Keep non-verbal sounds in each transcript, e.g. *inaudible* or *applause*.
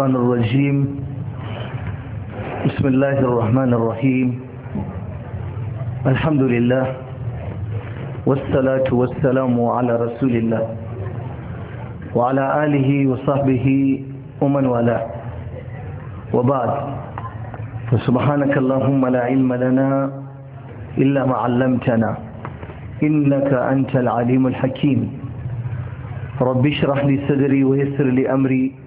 الشيطان الرجيم بسم الله الرحمن الرحيم الحمد لله والصلاة والسلام على رسول الله وعلى آله وصحبه ومن والاه وبعد فسبحانك اللهم لا علم لنا إلا ما علمتنا إنك أنت العليم الحكيم رب اشرح لي صدري ويسر لي أمري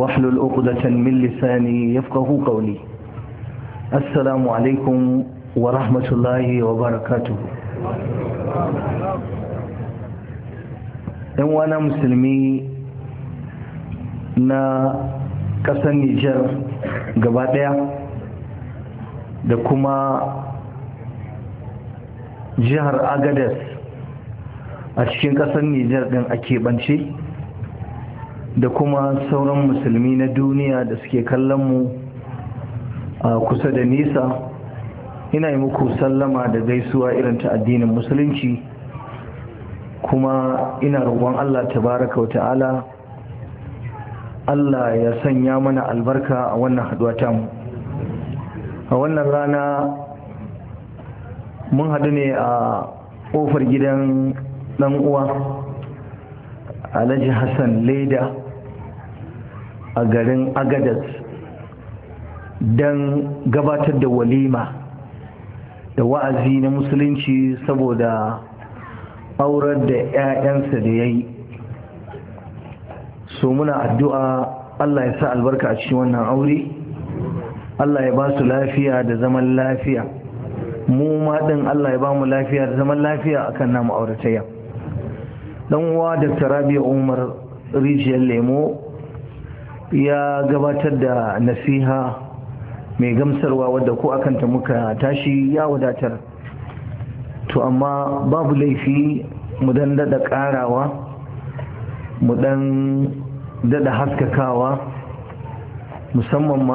واحلل عقدة من لساني يفقه قولي السلام عليكم ورحمة الله وبركاته ‘yan wana musulmi na ƙasar Nijar gaba ɗaya da kuma jihar Agadez a cikin ƙasar Nijar ɗin a keɓance da kuma sauran musulmi na duniya da suke kallon mu a kusa da nisa ina yi muku sallama da gaisuwa irin ta addinin musulunci kuma ina roƙon allah tabaraka wa ta'ala allah ya sanya mana albarka a wannan haɗuwa tamu a wannan rana mun haɗu ne a ƙofar gidan ɗan uwa alhaji hassan leda a garin agadas don gabatar da walima da wa'azi na musulunci saboda aurar da 'ya'yansa da ya yi so muna addu'a allah ya sa albarka a cikin wannan aure allah ya ba su lafiya da zaman lafiya mu ma allah ya ba mu lafiya da zaman lafiya akan namu auratayya dan uwa da rabi'a umar rijiyar lemo ya gabatar da nasiha mai gamsarwa wadda ko akanta muka tashi ya wadatar to amma babu laifi mu dan dada karawa mu dan dada haskakawa musamman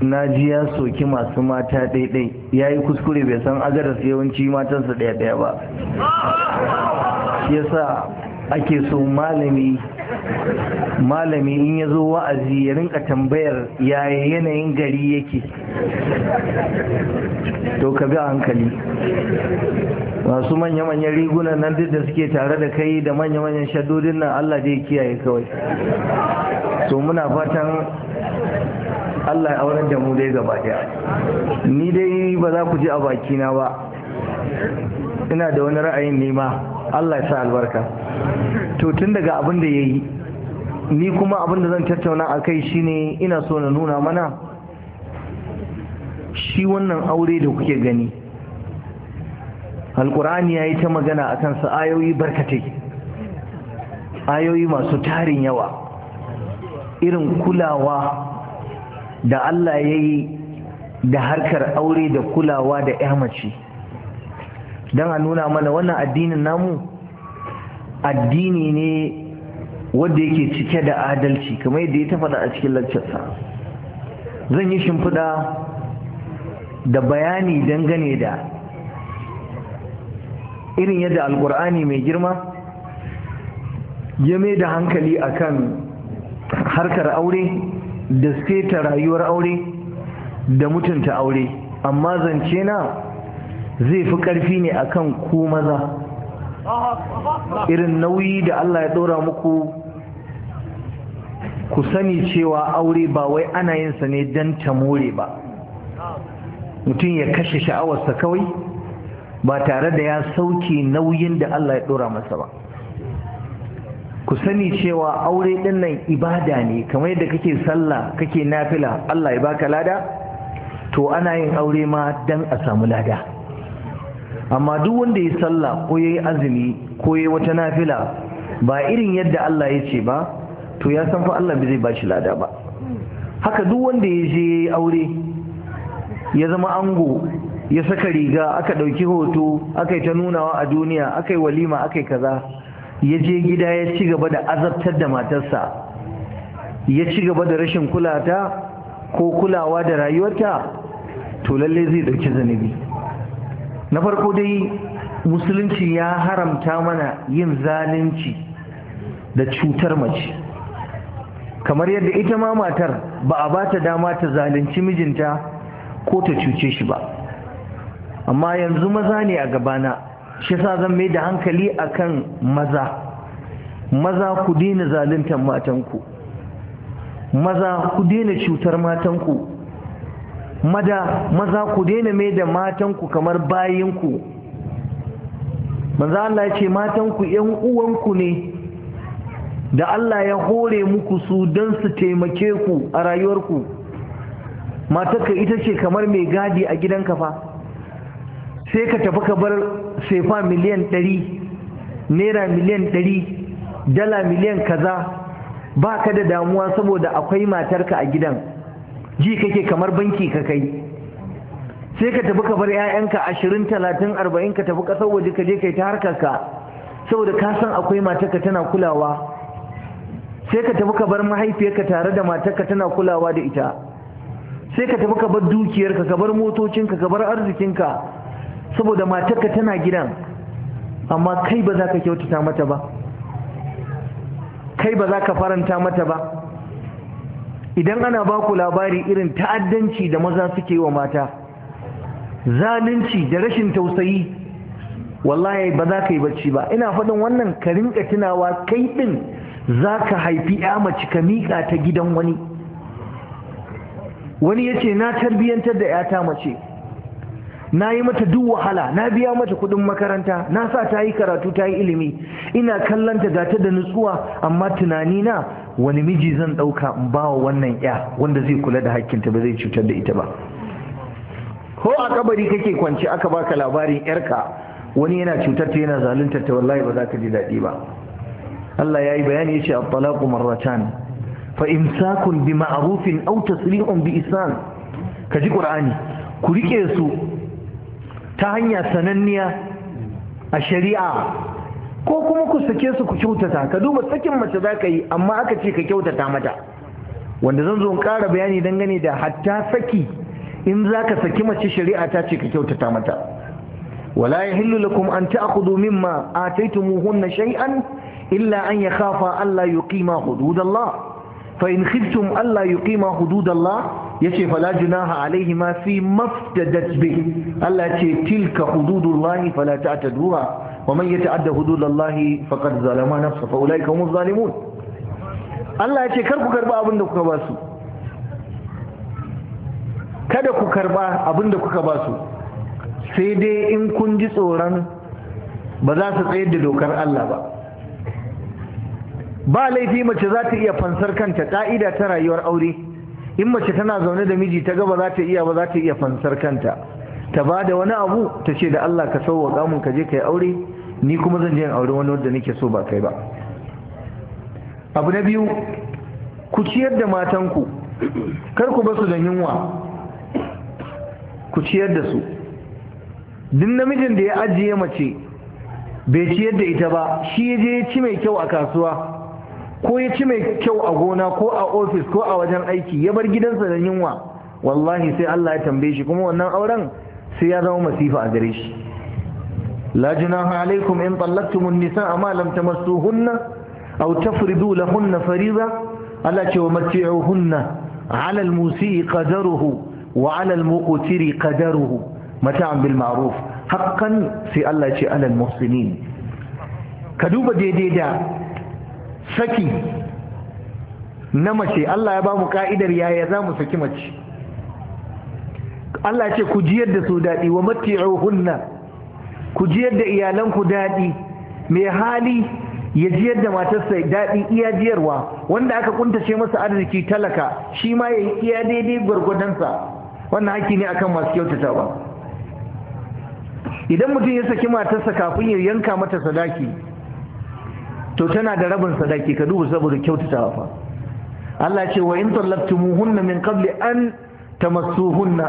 ma ji ya soki masu mata daidai ya yi kuskure bai san agaras yawanci matansa daya daya ba shi yasa ake so malami malami in ya zo wa'azi ya rinka tambayar yaya yanayin gari yake to ka bi a hankali masu manya-manyan rigunan nan duk da suke tare da kai da manya-manyan shaddodin nan Allah zai kiyaye kawai To muna fatan Allah ya auren da mu dai gaba daya ni dai ba za ku ji a bakina ba ina da wani ra'ayin nema Allah ya sa albarka to tun daga abin da yayi ni kuma abin da zan tattauna a kai shine ina so na nuna mana shi wannan aure da kuke gani alkur'ani ya yi ta magana a kansa ayoyi barkatai ayoyi masu tarin yawa irin kulawa da Allah ya yi da harkar aure da kulawa da mace don a nuna mana wannan addinin namu addini ne wanda yake cike da adalci kamar yadda ya ta faɗa a cikin laccarsa zan yi shimfiɗa da bayani dangane da irin yadda alkur'ani mai girma ya mai da hankali akan harkar aure da seta rayuwar aure da mutunta aure amma zance na zai fi ƙarfi ne akan ku maza irin nauyi da Allah ya ɗora muku ku sani cewa aure ba wai ana yin sa ne don ta more ba mutum ya kashe sha'awarsa kawai ba tare da ya sauke nauyin da Allah ya ɗora masa ba ku sani cewa aure ɗin nan ibada ne kamar yadda kake sallah kake nafila Allah ya baka lada to ana yin aure ma don a samu lada amma duk wanda ya sallah ko ya yi azumi ko ya yi wata nafila ba irin yadda Allah ya ce ba to ya san fa Allah ba zai bashi lada ba haka duk wanda ya je aure ya zama ango ya saka riga aka ɗauki hoto aka yi ta nunawa a duniya aka yi walima aka yi kaza ya je gida ya ci gaba da azabtar da matarsa ya ci gaba da rashin kulata ko kulawa da rayuwarta to lallai zai ɗauki zanibi na farko dai musulunci ya haramta mana yin zalunci da cutar mace kamar yadda ita ma matar ba a bata dama ta zalunci mijinta ko ta cuce shi ba amma yanzu maza ne a gabana shi sa zan mai da hankali akan maza maza ku daina zaluntar matanku maza ku daina cutar matanku mada maza ku daina mai da matanku kamar bayinku maza Allah ce matanku ‘yan uwanku ne da Allah ya hore muku su don su taimake ku a rayuwarku matarka ita ce kamar mai gadi a gidanka fa sai ka tafi ka bar sefa miliyan ɗari naira miliyan ɗari dala miliyan kaza ba ka da damuwa saboda akwai matarka a gidan ji kake kamar banki ka kai sai ka tafi ka bar 'ya'yanka ashirin talatin arba'in ka tafi ƙasar waje ka je kai ta harkar ka saboda ka san akwai matarka tana kulawa sai ka tafi ka bar mahaifiyarka tare da matarka tana kulawa da ita sai ka tafi ka bar dukiyarka ka bar motocinka ka bar arzikinka saboda matarka tana gidan amma kai ba za ka kyautata mata ba kai ba za ka faranta mata ba idan ana ba ku labari irin ta'addanci da maza suke wa mata zalunci da rashin tausayi wallahi ba za ka yi bacci ba ina faɗin wannan ka rinka tunawa kai ɗin za ka haifi ya mace ka miƙa ta gidan wani wani ya ce na tarbiyyantar da 'yata mace na yi mata duk wahala na biya mata kudin makaranta na sa ta yi karatu ta yi ilimi ina kallanta ga ta da nutsuwa amma tunanina. wani miji zan ɗauka in ba wa wannan ya wanda zai kula da hakkinta ba zai cutar da ita ba ko a kabari kake kwance aka baka labarin yarka wani yana cutar ta yana zaluntar ta wallahi ba za ka ji daɗi ba Allah ya yi bayani yace at-talaqu marratan fa imsakun bi ma'rufin aw tasrihun bi isan ka ji qur'ani ku rike su ta hanya sananniya a shari'a ko kuma ku sake su ku kyautata ka duba sakin mace za ka yi amma aka ce ka kyautata mata wanda zan zo in ƙara bayani dangane da hatta saki in za ka saki mace shari'a ta ce ka kyautata mata wala yahillu lakum an ta'khudhu mimma ataytumuhunna shay'an illa an yakhafa alla yuqima hududallah fa in khiftum alla yuqima hududallah yace fala junaha alaihi ma fi maftadat bi Allah ce tilka hududullahi fala ta'taduha ومن يتعدى حدود الله فقد ظلم نفسه فاولئك هم الظالمون Allah ya ce kar ku karba abin da kuka basu, kada ku karba abin da kuka basu, sai dai in kun ji tsoron ba za su tsayar da dokar Allah ba ba laifi mace za ta iya fansar kanta ka'ida ta rayuwar aure in mace tana zaune da miji ta gaba za ta iya ba za ta iya fansar kanta ta ba da wani abu ta ce da Allah ka sauwa kamun ka je ka yi aure ni kuma zan je aure wani wanda nake so ba kai ba abu na biyu ku ciyar da matanku kar ku basu da yunwa ku ciyar da su duk namijin da ya ajiye mace bai ciyar da ita ba shi ya je ya ci mai kyau a kasuwa ko ya ci mai kyau a gona ko a ofis ko a wajen aiki ya bar gidansa da yunwa wallahi sai Allah ya tambaye shi kuma wannan auren sai ya zama masifa a gare shi la junaha alaikum in tallaqtum an-nisaa ma lam tamassuhunna aw tafridu lahunna fariida Allah ce wa matti'uhunna 'ala al-musii qadaruhu wa 'ala al-muqtiri qadaruhu mata'an bil ma'ruf haqqan sai Allah ce 'ala al ka duba daidai da saki na mace Allah ya ba mu ka'idar yaya za mu saki mace Allah ce ku jiyar da su daɗi wa matti'uhunna ku jiyar da iyalanku daɗi mai hali ya jiyar da matarsa daɗi iya jiyarwa wanda aka kuntace masa arziki talaka shi ma ya yi iya daidai gwargwadonsa wannan haki ne akan masu kyautatawa idan mutum ya saki matarsa kafin ya yanka mata sadaki to tana da rabin sadaki ka duba saboda kyautatawa fa Allah ce wa in tallabtumuhunna min qabli an tamassuhunna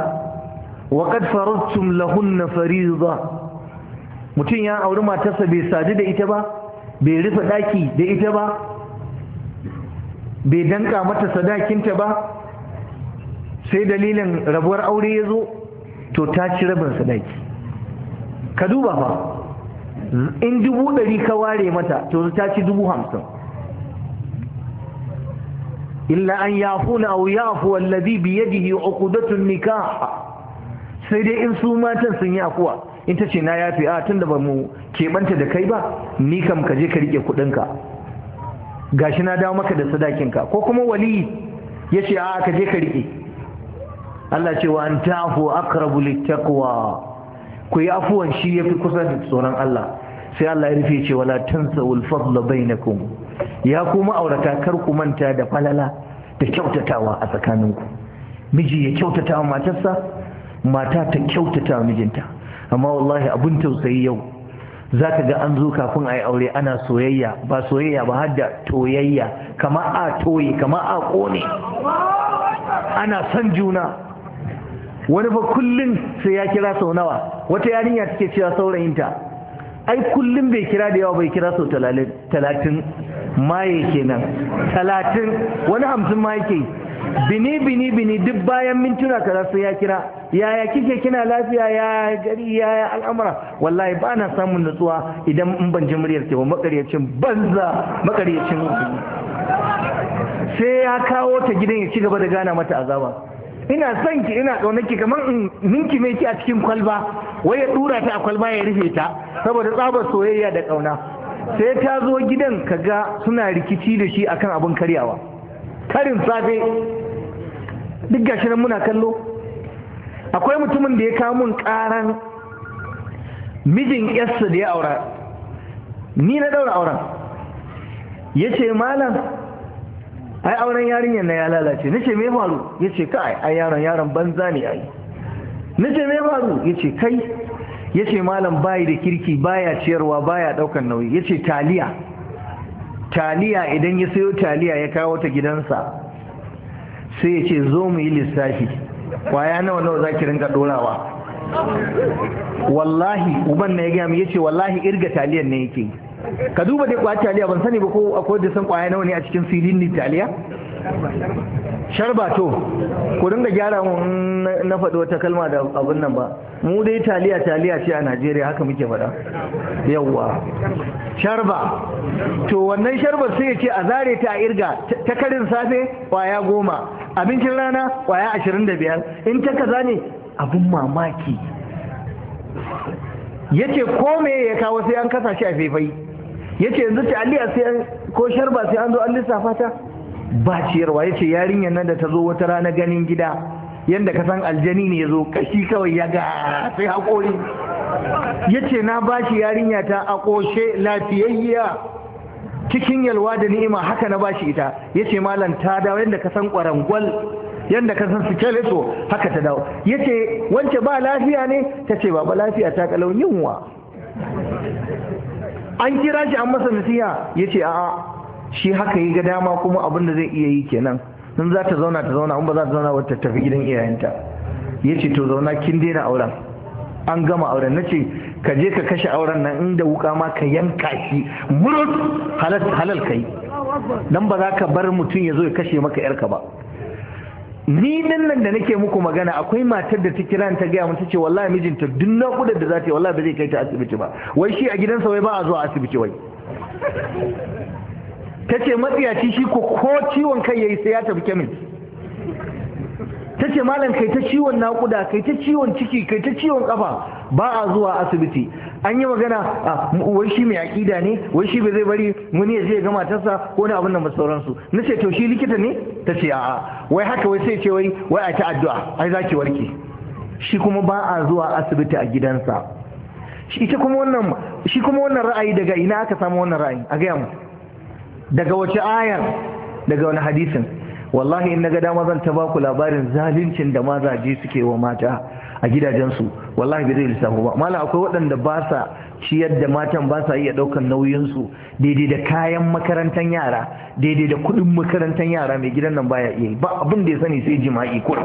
wa qad faradtum lahunna fariidha mutum ya auri matarsa bai sadu da ita ba bai rufe daki da ita ba bai danka mata sadakinta ba sai dalilin rabuwar aure ya zo to ta ci rabin sadaki ka duba fa in dubu ɗari ka ware mata to ta ci dubu hamsin illa an yafu na au yafu wallazi biyadihi uqdatun nikah sai dai in su matan sun yi akuwa in ta ce na yafi a tun da ba mu keɓanta da kai ba ni kam ka je ka riƙe kuɗinka gashi na dawo maka da sadakinka ko kuma wali ya ce a ka je ka riƙe Allah ce wa an ta'fu aqrabu littaqwa ku yi afuwan shi ya fi kusa da tsoron Allah sai Allah ya rufe ce wala tansawul fadla bainakum ya kuma aurata kar ku manta da falala da kyautatawa a tsakaninku miji ya kyautata wa matarsa mata ta kyautata mijinta amma wallahi abin tausayi yau za ka ga an zo kafin a yi aure ana soyayya ba soyayya ba har da toyayya kama a toye kama a kone ana son juna wani fa kullum sai ya kira sau nawa wata yarinya take cewa saurayinta ai kullum bai kira da yawa bai kira sau talatin maye kenan talatin wani hamsin ma yake bini bini bini duk bayan mintuna kaza sai ya kira yaya kike kina lafiya ya gari yaya al'amura wallahi ba na samun nutsuwa idan in ban ji muryar ke ba makaryacin banza makaryacin sai ya kawo ta gidan ya ci gaba da gana mata azaba ina son ki ina ƙaunar ki kamar in ninki mai ki a cikin kwalba wai ya dura ta a kwalba ya rufe ta saboda tsabar soyayya da kauna sai ta zo gidan ka ga suna rikici da shi akan abin karyawa karin safe duk gashi nan muna kallo akwai mutumin da ya kawo mun karan mijin yarsa da ya aura ni na daura auren ya ce malam ai auren yarinyar na ya lalace na ce me faru ya ce kai ai yaron yaron banza ne ai na ce me faru ya ce kai ya ce malam bayi da kirki baya ciyarwa baya daukan nauyi ya ce taliya taliya idan ya sayo taliya ya kawo ta gidansa sai ya ce zo mu yi lissafi kwaya nawa nawa za ki rinka dorawa wallahi uban na ya gaya mu yace wallahi irga taliyan ne yake ka duba dai kwaya taliya ban sani ba ko akwai da san kwaya nawa ne a cikin filin ni taliya sharbato ku dinga gyara mu na faɗi wata kalma da abin nan ba mu dai taliya taliya ce a najeriya haka muke faɗa yawwa sharba to wannan sharbar sai ya ce a zare ta a irga ta karin safe kwaya goma abincin rana kwaya ashirin da biyar in ta kaza ne abin mamaki ya ce ko ya kawo sai an kasa shi a faifai ya ce yanzu ta sai ko sharba sai an zo an lissafa ta ba ciyarwa ya ce yarinyar nan da ta zo wata rana ganin gida yadda ka san aljani ne ya zo kashi kawai ya ga sai haƙori ya ce na ba shi yarinya ta a ƙoshe lafiyayya cikin yalwa da ni'ima haka na ba shi ita ya ce malam ta dawo yadda ka san ƙwarangwal yadda ka san su keleto haka ta dawo ya ce wance ba lafiya ne ta ce baba lafiya ta kalau yunwa an kira shi an masa nasiha ya ce a'a shi haka yi ga dama kuma abin da zai iya yi kenan in za ta zauna ta zauna in ba za ta zauna wata tafi gidan iyayenta ya ce to zauna kin daina auren an gama auren na ce ka je ka kashe auren nan inda wuka ma ka yanka shi murut halal ka yi nan ba za ka bar mutum ya zo ya kashe maka yarka ba ni nan nan da nake muku magana akwai matar da ta kira ta gaya mata ce wallahi mijinta duk naƙudar da za ta yi wallahi ba zai kai ta asibiti ba wai shi a gidansa wai ba a zuwa asibiti wai ta ce matsiyaci shi ko ko ciwon kai yayi sai ya tafi kemis ta ce malam kai ta ciwon naƙuda kai ta ciwon ciki kai ta ciwon ƙafa ba a zuwa asibiti an yi magana a ah, wai shi mai aƙida ne wai shi bai zai bari wani ya je ga matarsa ko na abin nan sauransu na ce to shi likita ne ta ce a'a wai haka wai sai ce wai wai a ta addu'a ai za ki warke shi kuma ba a zuwa asibiti a gidansa shi kuma wannan ra'ayi daga ina aka samu wannan ra'ayi a gaya mu daga wace ayar daga wani hadisin wallahi in naga dama zan ta ku labarin zaluncin da mazaje suke wa mata a gidajensu wallahi bai zai lissafo ba mala akwai waɗanda ba sa ciyar da matan ba sa iya ɗaukan nauyinsu daidai da kayan makarantar yara daidai da kuɗin makarantar yara mai gidan nan baya iya ba abin da ya sani sai jima'i ko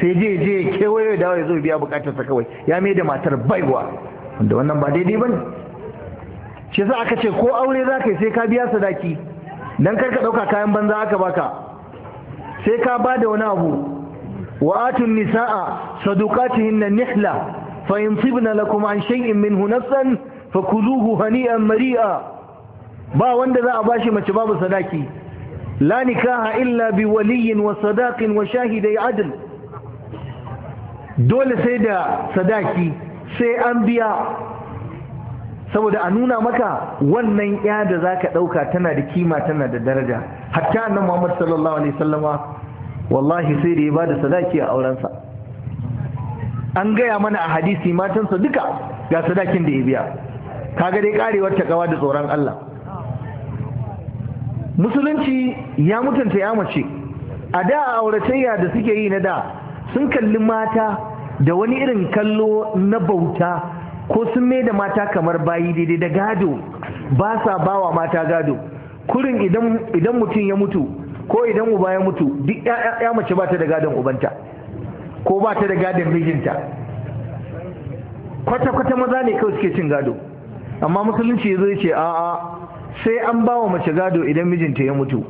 sai je je kewaye da ya zo biya bukatarsa kawai ya mai da matar baiwa wanda wannan ba daidai ba shi sa aka ce ko aure za ka yi sai ka biya sadaki don karka ɗauka kayan banza aka baka sai ka ba da wani abu wa atun nisa'a sadukatihinna nihla fa in tibna lakum an shay'in minhu nafsan fa hani'an mari'a ba wanda za a bashi mace babu sadaki la nikaha illa bi waliyin wa sadaqin wa shahidai adl dole sai da sadaki sai an biya saboda a nuna maka wannan ya da za ka ɗauka tana da kima tana da daraja hatta annan muhammad sallallahu alaihi sallama wallahi sai da ya ba da sadaki a aurensa an gaya mana a hadisi matansa duka ga sadakin da ya biya kaga dai karewar gawa da tsoron Allah musulunci ya mutunta ya mace a da a auratayya da suke yi na da sun kalli mata da wani irin kallo na bauta ko sun mai da mata kamar bayi daidai da gado ba sa bawa mata gado kurin idan mutum ya mutu ko idan uba ya mutu duk ya mace ba ta da gadon ubanta ko ba ta da gadon mijinta kwata-kwata maza ne kawai suke cin gado amma musulunci ya zo ya ce a'a sai an bawa mace gado idan mijinta ya mutu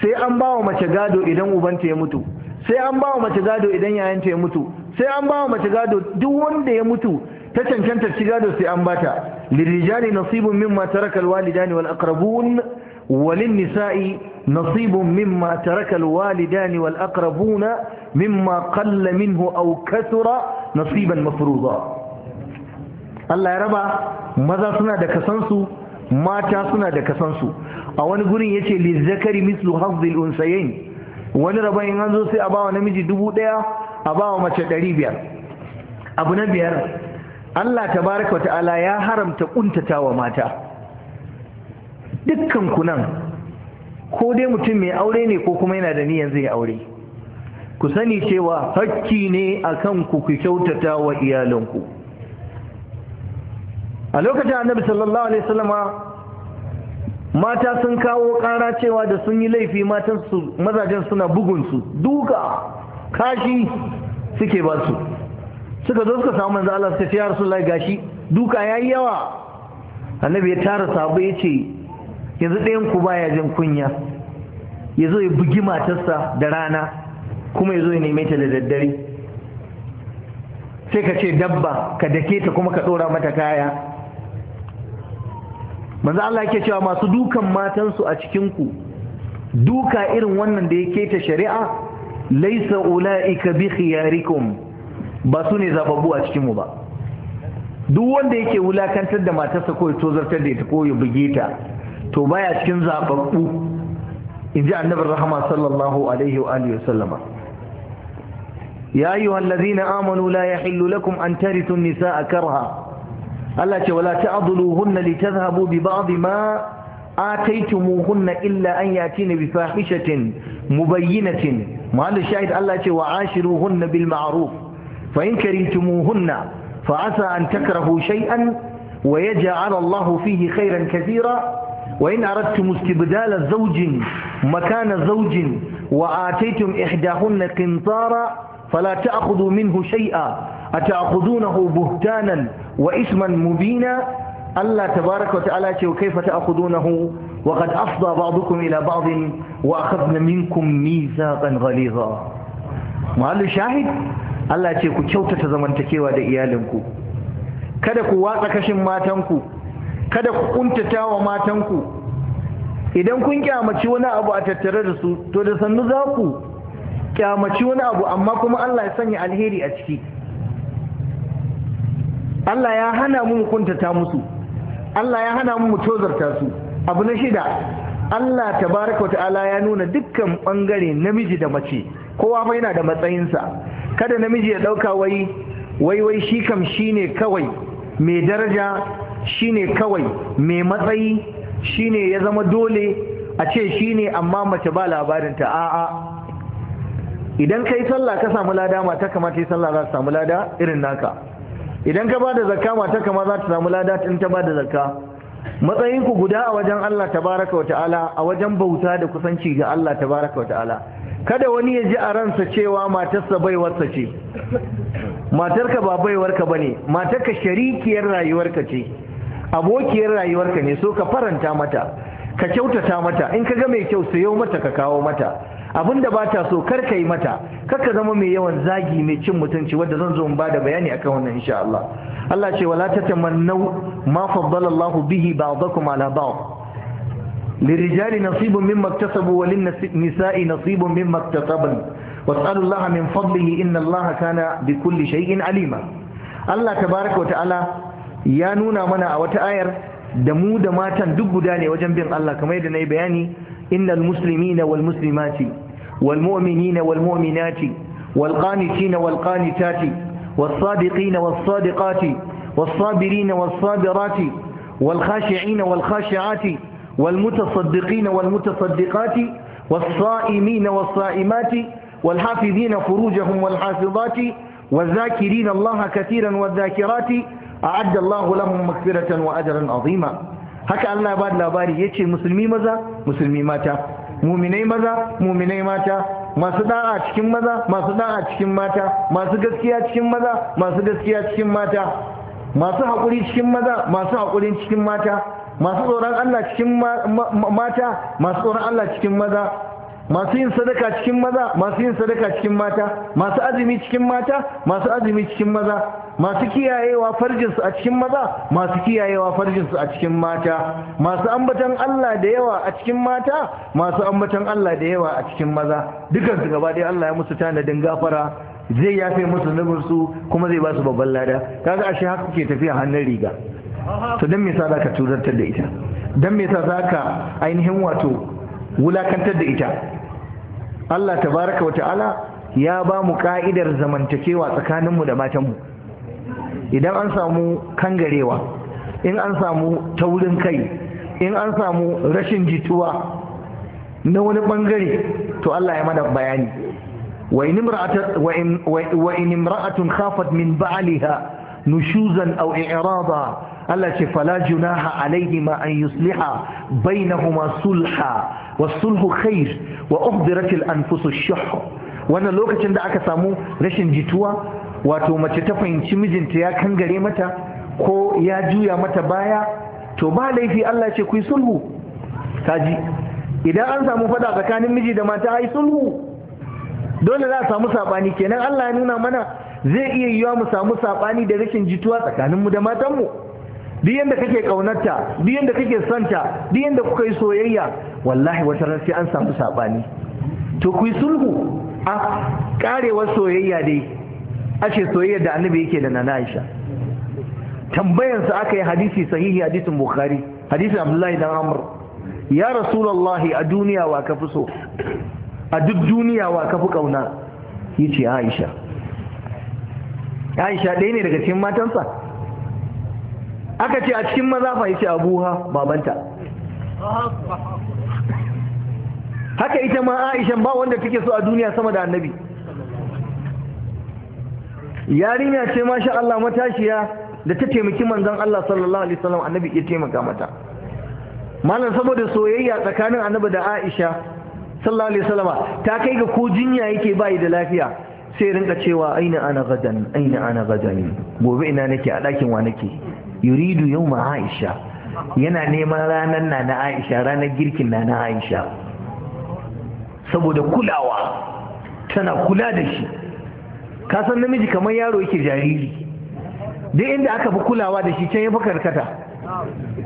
sai an bawa mace gado idan ubanta ya mutu sai an bawa mace gado idan yayanta ya mutu sai an bawa mace gado duk wanda ya mutu ta cancanta shiga da sai an bata lirijani nasibun mimma taraka alwalidani wal aqrabun walin nisa'i nasibun mimma taraka alwalidani wal aqrabuna mimma qalla minhu aw kathura nasiban mafruza Allah ya raba maza suna da kasansu mata suna da kasansu a wani gurin yace lizakari mislu hazzil unsayain wani rabon in an zo sai a bawa namiji dubu daya a bawa mace ɗari biyar abu na biyar Allah baraka wa ta'ala ya haramta wa mata dukkan kunan ko dai mutum mai aure ne ko kuma yana da niyyar zai aure ku sani cewa hakki ne a kanku ku kyautata wa iyalanku a lokacin annabi sallallahu alaihi wasallama mata sun kawo kara cewa da sun yi laifi matan mazajen suna bugunsu duka kashi suke ba su suka zo suka samu manzo Allah suka ce ya rasulullahi gashi duka yayi yawa annabi ya tara ya ce yanzu ɗayan ku baya jin kunya ya zo ya bugi matarsa da rana kuma ya zo ya neme ta da daddare sai ka ce dabba ka dake ta kuma ka ɗora mata kaya manzo Allah yake cewa masu dukan matansu a cikin ku duka irin wannan da ya keta shari'a laisa ula'ika bi khiyarikum ba su ne zababbu a cikinmu ba duk wanda yake wulakantar da matarsa ko ya tozartar da ita ko ya buge ta to baya cikin zababbu in ji annabin rahama sallallahu alaihi wa alihi ya yi wallazina amanu la yahillu lakum an nisa a karha Allah ce wala ta'dhuluhunna litadhhabu bi ba'd ma hunna illa an yatina bi fahishatin mubayyinatin Muhallin shahid Allah ce wa hunna bil ma'ruf فإن كرهتموهن فعسى أن تكرهوا شيئا ويجعل الله فيه خيرا كثيرا وإن أردتم استبدال زوج مكان زوج وآتيتم إحداهن قنطارا فلا تأخذوا منه شيئا أتأخذونه بهتانا وإثما مبينا الله تبارك وتعالى وكيف تأخذونه وقد أفضى بعضكم إلى بعض وأخذنا منكم ميثاقا غليظا معل شاهد Allah ce ku kyautata zamantakewa da iyalinku kada ku watsa kashin matanku kada ku kuntata wa matanku idan kun kyamaci wani abu a tattare da su to da sannu za ku kyamaci wani abu amma kuma Allah ya sanya alheri a ciki Allah ya hana mu kuntata musu Allah ya hana mu tozarta su abu na shida Allah tabaraka wa ta'ala ya nuna dukkan bangare namiji da mace kowa fa yana da matsayinsa kada namiji ya ɗauka wai wai wai shi kam shine kawai mai daraja shine kawai mai matsayi shine ya zama dole a ce shine amma mace ba labarinta a'a idan yi sallah ka samu lada mata kama ta yi sallah za ta samu lada irin naka idan ka ba da zakka mata kama za ta samu lada in ta ba da zakka matsayinku guda a wajen Allah tabaraka wata'ala a wajen bauta da kusanci ga Allah tabaraka wata'ala kada wani ya ji a ransa cewa matarsa baiwarsa ce matarka ba baiwarka bane matarka sharikiyar rayuwarka ce abokiyar rayuwarka ne so ka faranta mata ka kyautata mata in ka ga mai kyau sayo mata ka kawo mata abin da ba ta so kar ka yi mata kar ka zama mai yawan zagi mai cin mutunci wadda zan zo in ba da bayani akan wannan insha Allah Allah ce wala tatamannau ma faddala Allahu bihi ba'dakum ala ba'd للرجال نصيب مما اكتسبوا وللنساء نصيب مما اكتسبن واسألوا الله من فضله إن الله كان بكل شيء عليما Allah tabaraka wa ta'ala ya nuna mana a wata ayar da mu da matan duk guda ne wajen bin Allah kamar yadda na yi bayani innal muslimina wal muslimati wal mu'minina wal mu'minati wal qanitina wal qanitati was sadiqina was sadiqati was sabirina was sabirati wal khashi'ina wal khashi'ati wal mutasaddiqina wal mutasaddiqati was sa'imina was sa'imati wal hafizina furujahum wal hafizati والذاكرين الله كثيرا والذاكرات a'adda Allahu lahum maghfiratan wa ajran azima haka Allah ya bada labari yace musulmi maza musulmi mata muminai maza muminai mata masu da'a cikin maza masu da'a cikin mata masu gaskiya cikin maza masu gaskiya cikin mata masu haƙuri cikin maza masu haƙurin cikin mata masu tsoron Allah cikin mata masu tsoron Allah cikin maza masu yin sadaka cikin maza masu yin sadaka cikin mata masu azumi cikin mata masu azumi cikin maza masu kiyayewa farjinsu a cikin maza masu kiyayewa farjinsu a cikin mata masu ambatan Allah da yawa a cikin mata masu ambatan Allah da yawa a cikin maza dukansu gaba ɗaya Allah ya musu tanadin gafara zai yafe musu su kuma zai ba su babban lada kaga ashe haka ke tafiya hannun riga to don me yasa zaka turantar da ita don me yasa zaka ainihin wato wulakantar da ita Allah tabaraka wa ta'ala ya ba mu ka'idar zamantakewa tsakaninmu da matanmu idan an samu kangarewa in an samu taurin kai in an samu rashin jituwa na wani bangare to Allah ya mana bayani wa in imra'atun khafat min ba'liha nushuzan aw i'rada Allah ce fala junaha alaihi ma an yusliha bainahuma sulha wa sulhu khair wa uhdirat al anfus ash-shuh wannan lokacin da aka samu rashin jituwa wato mace ta fahimci mijinta ya kangare mata ko ya juya mata baya to ba laifi Allah ce ku yi sulhu kaji idan an samu fada tsakanin miji da mata ai sulhu dole za a samu sabani kenan Allah ya nuna mana zai iya yiwa mu samu sabani da rashin jituwa tsakaninmu da matanmu duk yadda kake kaunarta duk da kake santa duk da kuka yi soyayya wallahi wata ran an samu sabani to ku yi sulhu a karewar soyayya dai ashe soyayya da annabi yake da nana Aisha tambayansa aka yi hadisi sahihi hadisin Bukhari hadisin Abdullahi dan Amr ya a duniya wa ka fi so a duk duniya wa ka fi kauna yace Aisha Aisha ɗaya ne daga cikin matansa aka ce a cikin maza fa yace abuha babanta haka ita ma Aisha ba wanda take so a duniya sama da annabi yarinya ce masha Allah matashiya da ta taimaki manzon Allah sallallahu alaihi wasallam annabi ya taimaka mata malam saboda soyayya tsakanin annabi da Aisha sallallahu alaihi wasallam ta kai ga ko jinya yake bai da lafiya sai rinka cewa aina ana gadan aina ana gadan gobe ina nake a ɗakin wa nake yuridu yau ma aisha yana neman ranar na na aisha ranar girkin na na aisha saboda kulawa tana kula da shi kasan namiji kamar yaro yake jariri duk inda aka fi kulawa da shi can ya fi karkata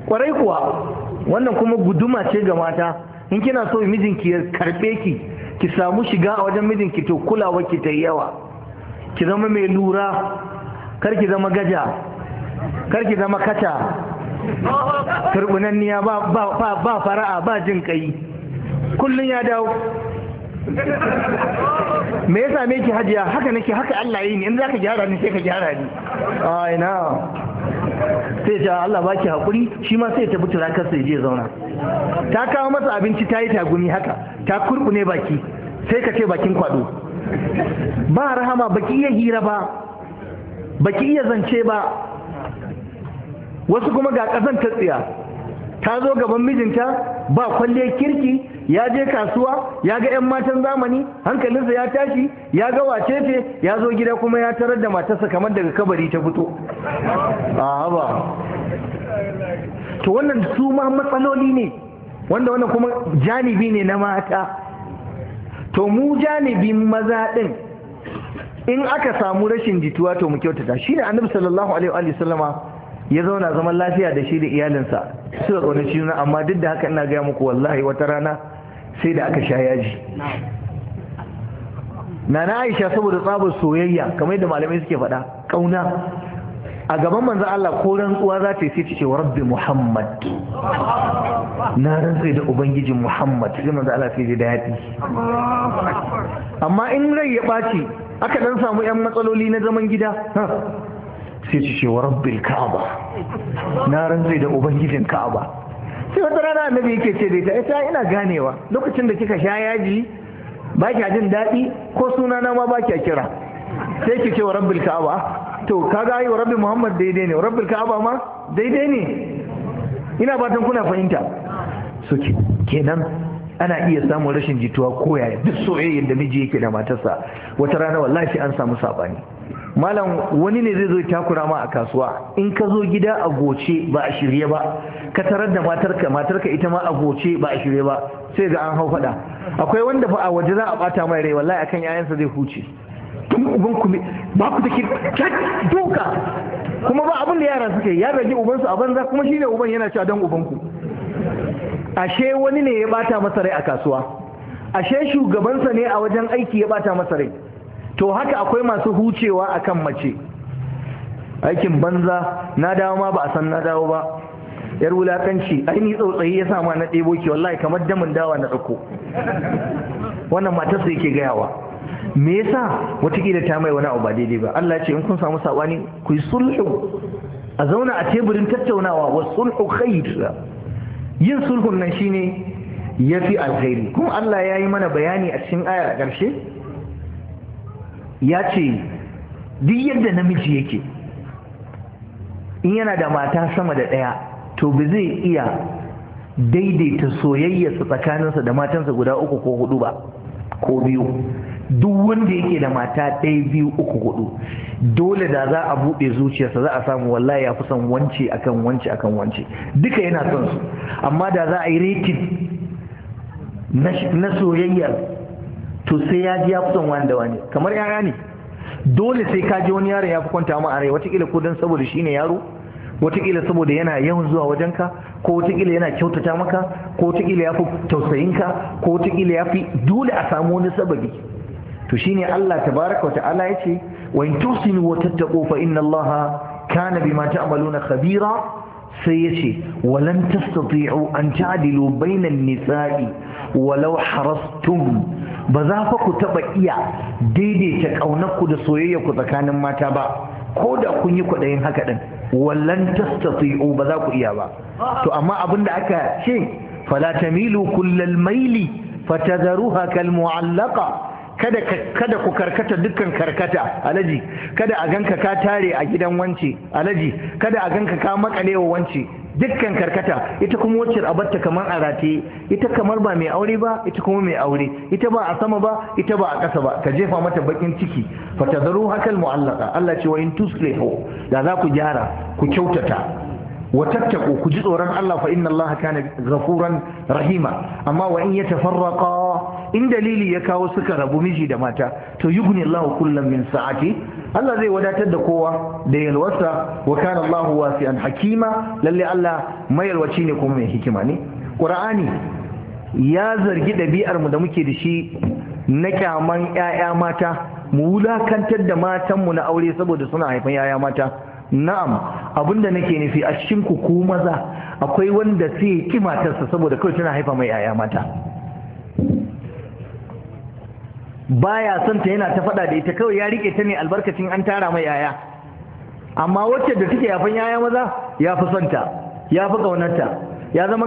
kwarai kuwa wannan kuma guduma ce ga mata in kina so mijinki ya karbe ki ki samu shiga a wajen mijinki to kulawa ki ta yawa ki zama mai lura kar ki zama gaja karki zama kata turbunanniya ba fara'a ba jin kai kullum ya dawo me yasa me ki hajiya haka nake haka Allah yi ne in zaka gyara ni sai ka gyara ni a ina sai ta Allah baki haƙuri, shi ma sai ta bi turakar sai je zauna ta kawo masa abinci ta yi tagumi haka ta kurkune baki sai ka ce bakin kwado ba rahama baki iya hira ba baki iya zance ba wasu kuma ga ƙasan ta tsiya ta zo gaban mijinta ba kwalle kirki ya je kasuwa ya ga 'yan matan zamani hankalinsa ya tashi ya ga wace ce ya zo gida kuma ya tarar da matarsa kamar daga kabari ta fito to wannan su ma matsaloli ne wanda wannan kuma janibi ne na mata to mu janibin maza din in aka samu rashin jituwa to mu kyautata shi ne annabi sallallahu alaihi wa sallama ya zauna zaman lafiya da shi da iyalinsa suka ƙaunaci juna amma duk da haka ina gaya muku wallahi wata rana sai da aka sha yaji nana aisha saboda tsabar soyayya kamar yadda malamai suke faɗa ƙauna a gaban manzan Allah ko rantsuwa za ta yi sai ce wa rabbi muhammad na rantsai da ubangijin muhammad sai manzan Allah sai ji daɗi amma in rai ya ɓaci aka ɗan samu yan matsaloli na zaman gida sai ci wa rabbil ka'aba na rantsai da ubangijin ka'aba sai wata rana annabi yake ce da ita ina ganewa lokacin da kika sha yaji ba kya jin daɗi ko suna na ma ba kya kira sai ki ce wa rabbil ka'aba to kaga yi wa rabbi muhammad daidai ne wa rabbil ka'aba ma daidai ne ina fatan kuna fahimta so kenan ana iya samun rashin jituwa ko yaya duk soyayyar da miji yake da matarsa wata rana wallahi an samu sabani malam wani ne zai zo takura ma a kasuwa in ka zo gida a goce ba a shirye ba ka tarar da matarka matarka ita ma a goce ba a shirye ba sai ga an hau fada akwai wanda fa a waje za a bata mai rai wallahi akan yayansa zai huce tun uban ku ba ku take doka kuma ba abin da yara suke ya rage ubansu a banza kuma shine uban yana cewa dan uban ashe wani ne ya bata masa rai a kasuwa ashe shugabansa ne a wajen aiki ya bata masa rai to haka akwai masu hucewa a kan mace aikin banza na dawo ma ba a san na dawo ba yar wulakanci ainihin tsautsayi ya sama na ɗebo ki wallahi kamar damin dawa na ɗauko wannan matarsa yake gayawa me yasa watakila ta mai wani abu ba daidai ba Allah ce in kun samu sabani ku yi sulhu a zauna a teburin tattaunawa wa sulhu khair yin sulhun nan shine ya fi alkhairi kuma Allah ya yi mana bayani a cikin ayar a ƙarshe ya ce duk yadda namiji yake in yana da mata sama da ɗaya to bi zai iya daidaita soyayyarsa tsakaninsa da matansa guda uku ko hudu ba ko biyu duk wanda yake da mata ɗaya biyu uku hudu dole da za a buɗe zuciyarsa za a samu wallahi ya fi son wance akan wance akan wance duka yana son su amma da za a yi rikin na soyayya to sai ya ji ya fi son wani da wani kamar yaya ne dole sai ka ji wani yaro ya fi kwanta ma a rai watakila ko don saboda shi ne yaro watakila saboda yana yawan zuwa wajenka ko watakila yana kyautata maka ko watakila ya fi tausayinka ko watakila ya fi dole a samu wani sababi to shine Allah tabaraka wa ta'ala yace wa in tuhsinu wa tattaqu fa inna Allaha kana bima ta'maluna khabira sai yace wa lan tastati'u an ta'dilu bainan nisa'i harastum ba za fa ku taba iya daidaita ku da soyayya ku tsakanin mata ba ko da kun yi kwaɗayin haka ɗin wallan tastati'u ba za ku iya ba to amma abin da aka ce fala tamilu kullal maili fatadharuha kal mu'allaqa kada kada ku karkata dukkan karkata alaji kada a ganka ka tare a gidan wance alaji kada a ganka ka makale wa wance dukkan karkata ita kuma wacce abarta kamar a rataye ita kamar ba mai aure ba ita kuma mai aure ita ba a sama ba ita ba a ƙasa ba ka jefa mata bakin ciki hakan hakal mu'allaka Allah ce wa in tusrihu da za ku gyara ku kyautata wa tattaqu ku ji tsoron Allah fa inna Allah rahima amma wa in yatafarraqa in dalili ya kawo suka rabu miji da mata to yughni Allah kullam min sa'ati Allah zai wadatar da kowa da yalwarsa wa kana Allah wasi'an hakima Lallai Allah mai yalwaci ne kuma mai hikima ne Qur'ani ya zargi ɗabi'ar mu da muke da shi na kyaman 'ya'ya mata mu wulakantar da matanmu na aure saboda suna haifan 'ya'ya mata na'am abinda nake nufi a cikin ku maza akwai wanda sai ki matarsa saboda kawai tana haifa mai yaya mata baya son ta yana ta fada da ita kawai ya rike ta ne albarkacin an tara mai yaya amma wacce da take yafan yaya maza ya fi son ta ya fi kaunarta ya zama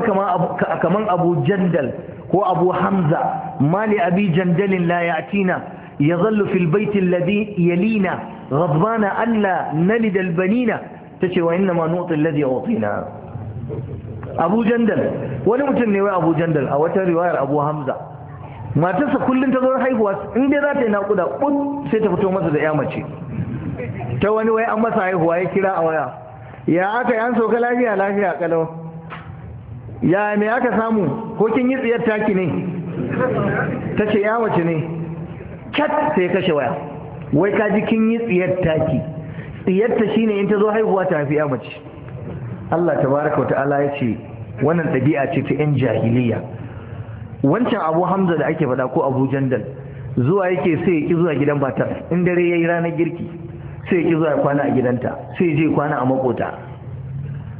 kamar abu jandal ko abu hamza mali abi jandalin la ya'tina ya zallu fil baiti alladhi yalina غضبان ألا نلد البنين تشي وإنما نعطي الذي أعطينا أبو جندل ولمتن رواية أبو جندل أو رواية أبو همزة ما تسا كل انت ذو حيوة إن دي ذات إن أقول قد سيتفتو مصر يا مجي تواني ويا أما صحيحوة يكلا أويا يا أكا ينسو كلاجي لا شيء أكلو يا أمي أكا سامو هو كن يتاكي ne ta ce ya wace ne cat sai kashe waya wai ka ji kin yi tsiyar taki tsiyarta shine in ta zo haihuwa ta haifi ya mace Allah tabaraka wa ta'ala ya ce wannan ɗabi'a ce ta 'yan jahiliya wancan abu hamza da ake faɗa ko abu jandal zuwa yake sai ya ki zuwa gidan matar in dare ya yi ranar girki sai ya ki zuwa kwana a gidanta sai ya je kwana a makota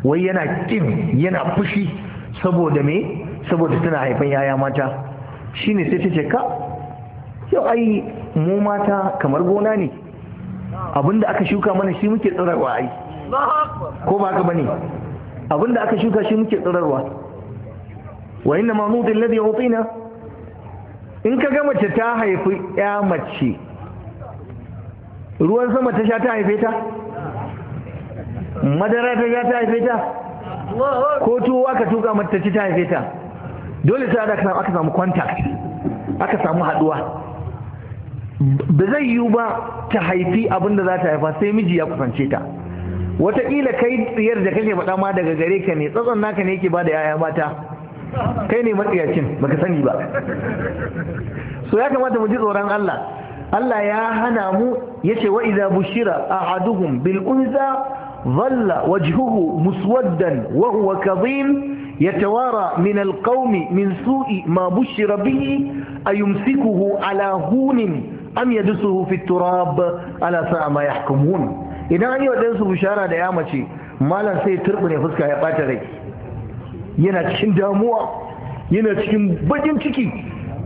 wai yana kin yana fushi saboda me saboda tana haifan yaya mata shine sai ta ce ka yau ai mu mata kamar gona ne abinda aka shuka mana shi muke tsirarwa ai ko ba ka bane abinda aka shuka shi muke tsirarwa wa inna ma nudin ladhi yu'tina in ka ga mace ta haifi ya mace ruwan sama ta sha ta haife ta madara ta sha ta haife ta ko tuwo aka tuka mata ta ci ta haife ta dole sai aka samu contact aka samu haduwa ba zai yiwu ba ta haifi abin da za ta haifa sai miji ya kusance ta wataƙila kai tsiyar da kake faɗa ma daga gare ka ne tsatson naka ne yake ba da yaya mata kai ne matsiyacin baka sani ba so ya kamata mu ji tsoron Allah Allah ya hana mu yace wa idza bushira ahaduhum bil unza zalla wajhuhu muswaddan wa huwa kadhim يتوارى من min su'i ma ما a به أيمسكه على هون am yadusuhu fi turab ala sa'a ma yahkumun idan an yi wa ɗansu bishara da ya mace malam sai turbine fuska ya bata rai yana cikin damuwa yana cikin bakin ciki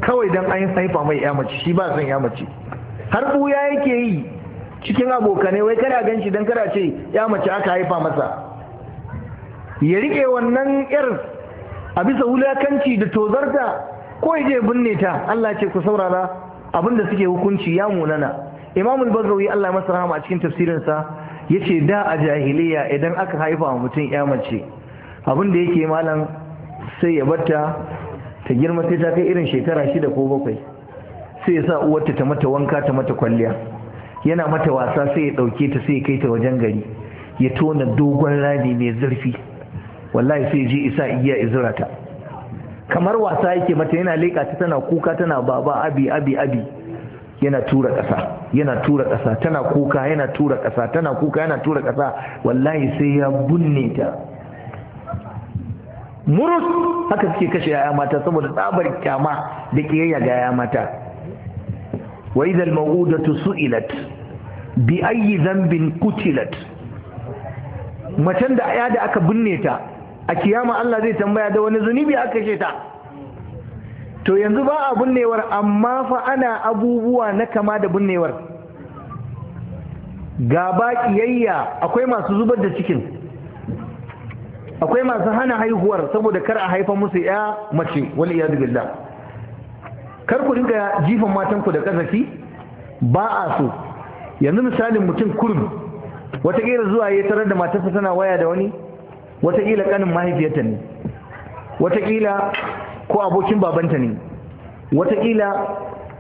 kawai dan an haifa mai ya mace shi ba son ya mace har ya yake yi cikin abokanai wai kana gan shi dan kada ce ya mace aka haifa masa ya rike wannan yar a bisa wulakanci da tozarta ko ya je binne ta Allah ce ku saurara abinda suke hukunci ya munana imam al-bazawi Allah masa rahama a cikin tafsirinsa ce da a jahiliya idan aka haifa mutum ya mace abinda yake malam sai ya batta ta girma sai ta kai irin shekara shida ko bakwai sai ya sa uwarta ta mata wanka ta mata kwalliya yana mata wasa sai ya ɗauke ta sai ya kai ta wajen gari ya tona dogon rami mai zurfi wallahi sai je isa iya izurata kamar wasa yake mata yana leƙa ta tana kuka tana baba abi abi abi yana tura ƙasa yana tura ƙasa tana kuka yana tura ƙasa tana kuka yana tura ƙasa wallahi sai ya bunne ta murus haka suke kashe yaya mata saboda tsabar kyama da kiyayya ga yaya mata wa idal mawudatu su'ilat bi ayyi dhanbin kutilat macen da ya da aka binne ta a kiyama Allah zai tambaya da wani zunubi aka kashe ta to yanzu ba a bunnewar amma fa ana abubuwa na kama da bunnewar ga baƙiyayya akwai masu zubar da cikin akwai masu hana haihuwar saboda kar a haifa musu ya mace wani iya da. kar ku dinga jifan matanku da ƙazafi ba a so yanzu misalin mutum kurum wata zuwa ya tarar da matarsa tana waya da wani wataƙila ƙanin mahaifiyarta ne wataƙila ko abokin babanta ne wataƙila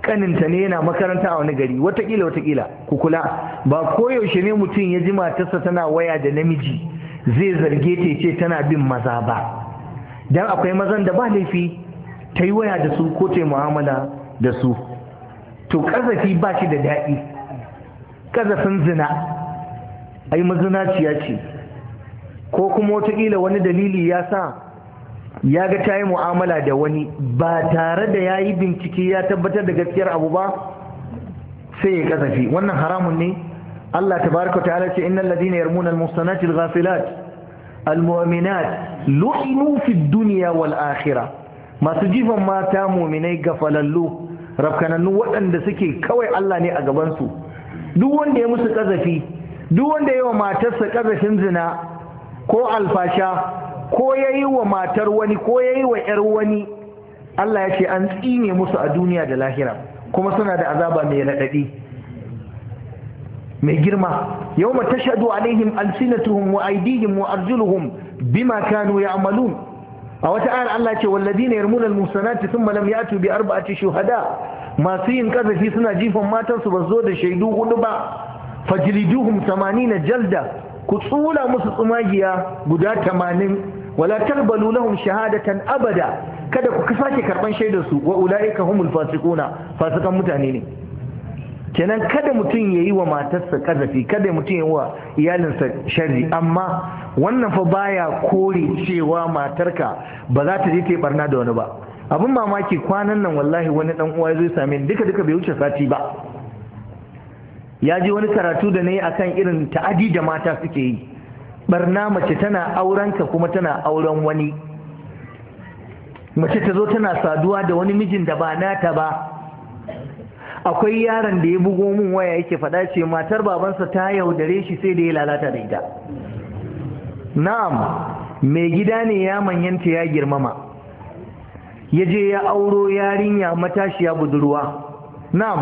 ƙaninta ne yana makaranta a wani gari wataƙila wataƙila ku kula ba koyaushe ne mutum ya ji matarsa tana waya da namiji zai zarge ta ce tana bin maza ba don akwai mazan da ba laifi ta yi waya da su ko ta yi mu'amala da su to ƙazafi ba shi da daɗi ƙazafin zina ai mazinaciya ce ko kuma wataƙila wani dalili ya sa ya ga ta yi mu'amala da wani ba tare da ya yi bincike ya tabbatar da gaskiyar abu ba sai ya kasafi wannan haramun ne Allah tabaraka ta'ala ce innal ladina yarmuna al-muhsanati al-ghafilat al-mu'minat lu'inu fi dunya wal akhirah masu jifan mata mu'minai gafalallu rafkanannu waɗanda suke kawai Allah ne a gabansu. duk wanda ya musu kazafi duk wanda ya yi wa matarsa kazafin zina ko alfasha ko yayi wa matar wani ko yayi wa yar wani Allah ya ce an tsine musu a duniya da lahira kuma suna da azaba mai raɗaɗi mai girma yau ma tashadu alaihim alsinatuhum wa aidihim wa arjuluhum bima kanu amalu. a wata ayar Allah ce walladina yarmuna almusanati thumma lam ya'tu bi arba'ati shuhada masu yin kazafi suna jifan matansu ba zo da shaidu hudu ba fajliduhum na jalda ku tsula musu tsumagiya guda tamanin wala talbalu lahum shahadatan abada kada ku sake karban shaidar su wa ulaika humul fasiquna fasikan mutane ne kenan kada mutum yayi wa matarsa kazafi kada mutum yayi wa iyalinsa sharri amma wannan fa baya kore cewa matarka ba za ta je ta yi barna da wani ba abin mamaki kwanan nan wallahi wani dan uwa ya zo same ni duka duka bai wuce sati ba ya ji wani karatu da na yi akan irin ta'adi da mata suke yi barna mace tana aurenka kuma tana auren wani mace ta zo tana saduwa da wani mijin da ba nata ba akwai yaron da ya bugo min waya yake faɗa ce matar babansa ta yaudare shi sai da ya lalata da ita na'am mai gida ne ya manyanta ya girmama ya je ya auro yarinya matashiya budurwa na'am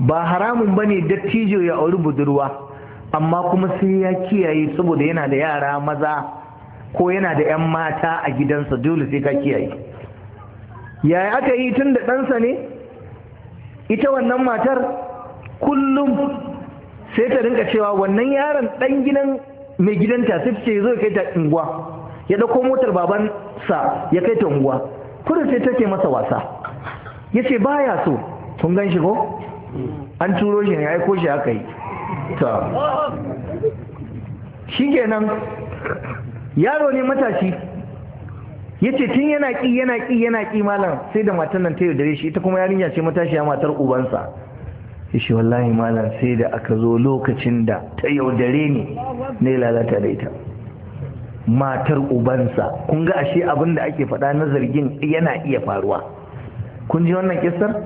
ba haramun ba ne dattijo ya auri budurwa amma kuma sai ya kiyaye saboda yana da yara maza ko yana da 'yan mata a gidansa dole sai ka kiyaye yaya aka yi tun da ɗansa ne ita wannan matar kullum sai ta rinka cewa wannan yaron ɗan gidan mai gidanta sai ce zo kai ta unguwa ya ɗauko motar babansa ya kai ta unguwa kudin sai take masa wasa ya ce ba ya so kun gan shi ko an turo shi ne aiko shi aka yi ta shi kenan yaro ne matashi ya ce tun yana ƙi yana ƙi yana ƙi malam sai da matan nan ta yaudare shi ita kuma yarinya ce matashi ya matar ubansa ya ce wallahi malam sai da aka zo lokacin da ta yaudare ni ne lalata da ita matar ubansa kun ga ashe abin da ake faɗa na zargin yana iya faruwa kun ji wannan kisar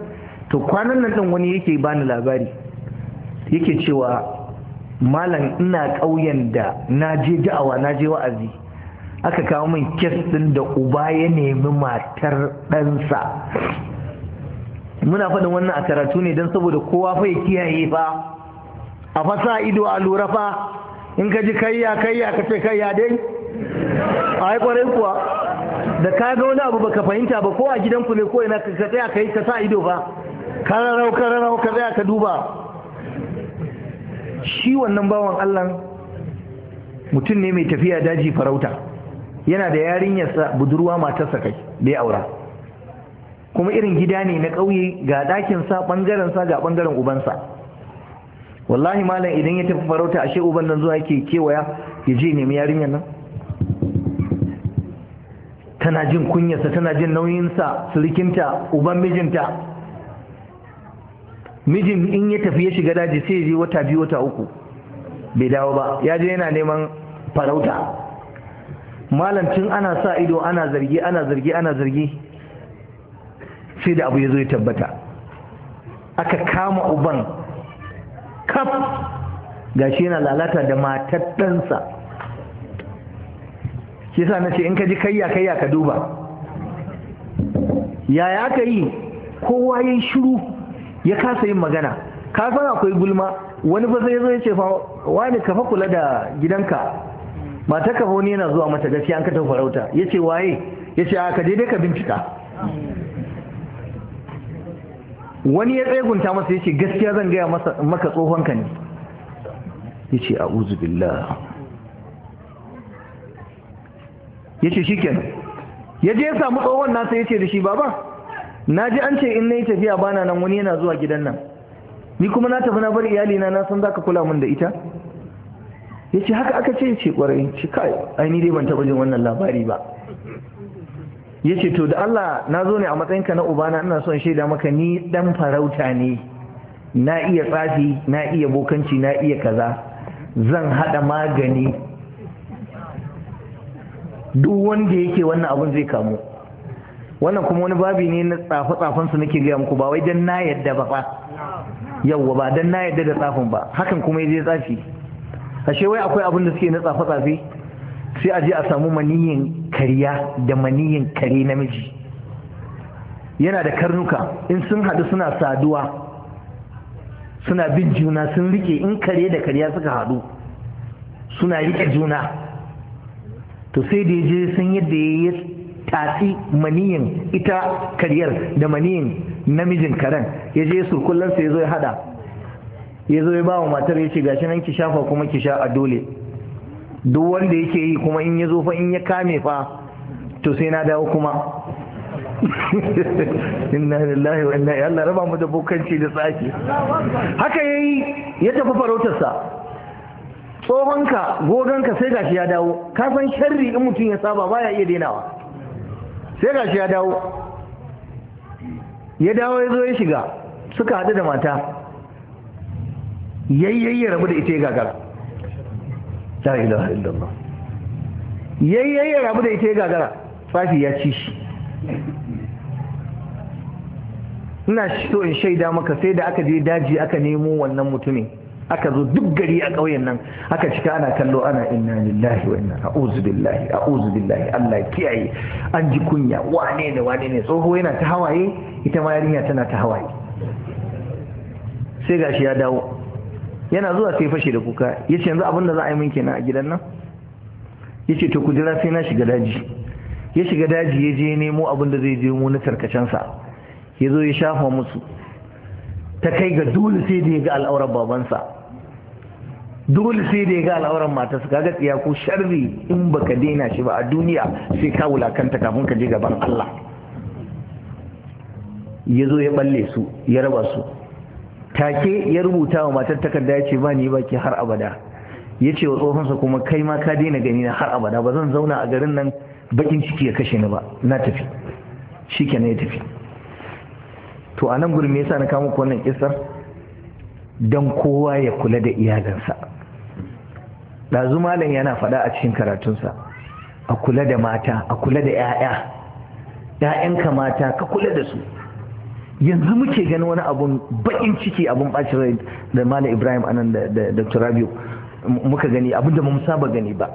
to kwanan nan ɗin wani yake bani labari yake cewa malam ina ƙauyen da na je da'awa na je wa'azi aka kawo min kes ɗin da uba ya nemi matar ɗansa muna faɗin wannan a karatu ne don saboda kowa fa kiyaye fa a fasa ido a lura fa in ka ji kayya kayya ka ce kayya dai a haikwarai kuwa da ka ga wani abu baka fahimta ba ko a gidanku ne ko ina ka tsaya ka yi ka sa ido ba kararau kararau ka zai ka duba shi wannan bawan Allah mutum ne mai tafiya daji farauta yana da yarinyarsa budurwa matarsa kai da aura kuma irin gida ne na ƙauye ga ɗakinsa ɓangarensa ga ɓangaren ubansa wallahi malam idan ya tafi farauta ashe uban nan zuwa yake kewaya ya je nemi yarinyar nan tana jin kunyarsa tana jin nauyinsa surikinta uban mijinta mijin in ya tafi ya shiga daji sai ya je wata biyu wata uku bai dawo ba ya je yana neman farauta malam tun ana sa ido ana zargi ana zargi ana zargi sai da abu ya zo ya tabbata aka kama uban kaf gashi yana lalata da matattansa shi sa na ce in ka ji kayya kayya ka duba yaya aka yi kowa ya yi shiru ya kasa yin magana ka san akwai gulma wani ba zai zo ya ce fa wani ka fa kula da gidanka mata ka wani yana zuwa mata gaskiya an ka ta farauta ya ce waye ya ce a ka je ka bincika wani ya tsegunta masa ya ce gaskiya zan gaya maka tsohon ka ne ya ce a uzubillah ya ce shi kenan ya je ya samu tsohon nasa ya ce da shi baba na ji an ce in na yi tafiya bana nan wani yana zuwa gidan nan ni kuma na tafi na bar iyalina na san za ka kula min da ita ya ce haka aka ce ce kwarai ce kai aini dai ban taba jin wannan labari ba ya ce to da Allah na zo ne a matsayinka na ubana ina son shaida maka ni dan farauta ne na iya tsafi na iya bokanci na iya kaza zan hada magani duk wanda yake wannan abun zai kamu wannan kuma wani babi ne na tsafe-tsafen su nake gaya muku ba wai dan na yadda ba fa yawwa ba dan na yadda da tsafin ba hakan kuma yaje tsafi ashe wai akwai abin da suke na tsafe-tsafe sai a je a samu maniyin kariya da maniyin kare namiji yana da karnuka in sun haɗu suna saduwa suna bin juna sun rike in kare da kariya suka haɗu suna rike juna to sai da ya je san yadda ya yi. tatsi maniyin ita kariyar da maniyin namijin karen ya je surkullarsa ya zo ya hada ya zo ya ba wa matar ya ce gashi nan ki shafa kuma ki sha a dole duk wanda yake yi kuma in ya zo fa in ya kame fa to sai na dawo kuma *laughs* inna lillahi wa inna Allah raba mu da bokanci da tsaki haka yayi ya tafi farautarsa tsohonka gogonka sai gashi ya dawo ka san sharri in mutum ya saba baya iya dainawa sai gashi ya dawo ya dawo ya zo ya shiga suka haɗu da mata yayyayi rabu da ita ya gagara la ilaha illallah yayyayi rabu da ita ya gagara fashi ya ci shi ina so in shaida maka sai da aka je daji aka nemo wannan mutumin aka zo duk gari a ƙauyen nan aka cika ana kallo ana inna lillahi wa inna a'udhu billahi a'udhu billahi Allah kiyaye an ji kunya wane ne wane ne tsoho yana ta hawaye ita ma yarinya tana ta hawaye sai gashi ya dawo yana zuwa sai fashe da kuka yace yanzu abin da za a yi min kenan a gidan nan yace to ku jira sai na shiga daji ya shiga daji ya je nemo abin da zai je mu na tarkacensa ya zo ya shafa musu ta kai ga dole sai da ya ga al'aurar babansa dole sai da ya ga al'auran matarsa kaga tsiya ko sharri in baka daina shi ba a duniya sai ka wulakanta kafin ka je gaban Allah ya zo ya balle su ya raba su take ya rubuta wa matar takarda ya ce ba ni baki har abada ya ce wa tsohonsa kuma kai ma ka daina gani na har abada ba zan zauna a garin nan bakin ciki ya kashe ni ba na tafi shi ya tafi to a nan gurin me yasa na kawo muku wannan kisar don kowa ya kula da iyalinsa ɗazu malam yana faɗa a cikin karatunsa a kula da mata a kula da 'ya'ya 'ya'yanka mata ka kula da su yanzu muke gani wani abun baƙin ciki abun ɓacin rai da malam ibrahim anan da dr rabiu muka gani abin da mu saba gani ba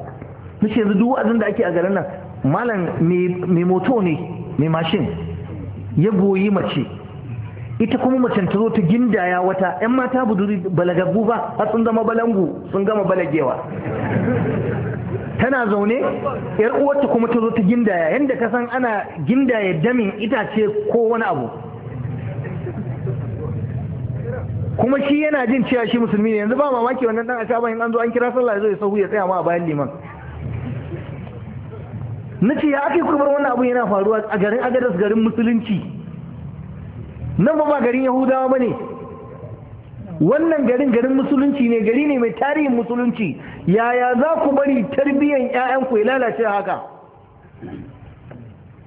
muke yanzu duk wa'azin da ake a garin nan malam mai moto ne mai mashin ya goyi mace ita kuma macen ta zo ta gindaya wata yan mata buduri balagaggu ba har sun zama balangu sun gama balagewa tana zaune yar uwarta kuma ta zo ta gindaya yadda ka san ana gindaya damin itace ko wani abu kuma shi yana jin cewa shi musulmi ne yanzu ba mamaki wannan dan asaba in an zo an kira sallah zai sahu ya tsaya ma a bayan liman nace ya ake kurbar wannan abu yana faruwa a garin agadas garin musulunci nan ba garin yahudawa ba ne wannan garin garin musulunci ne gari ne mai tarihin musulunci yaya za ku bari tarbiyyar 'ya'yanku ya lalace haka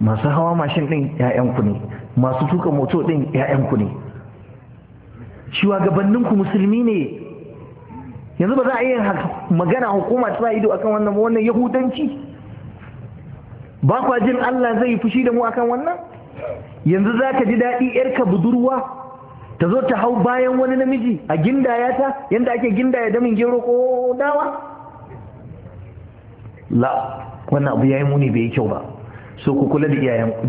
masu hawa mashin ɗin 'ya'yanku ne masu tuka moto ɗin 'ya'yanku ne shugabanninku musulmi ne yanzu ba za a yi magana hukuma ta ido akan wannan wannan yahudanci ba kwa jin Allah zai fushi da mu akan wannan yanzu za ka ji daɗi ‘yarka budurwa ta zo ta hau bayan wani namiji a gindaya ta yadda ake gindaya damin gero ko dawa la wannan abu yayi muni bai yi kyau ba so ku kula da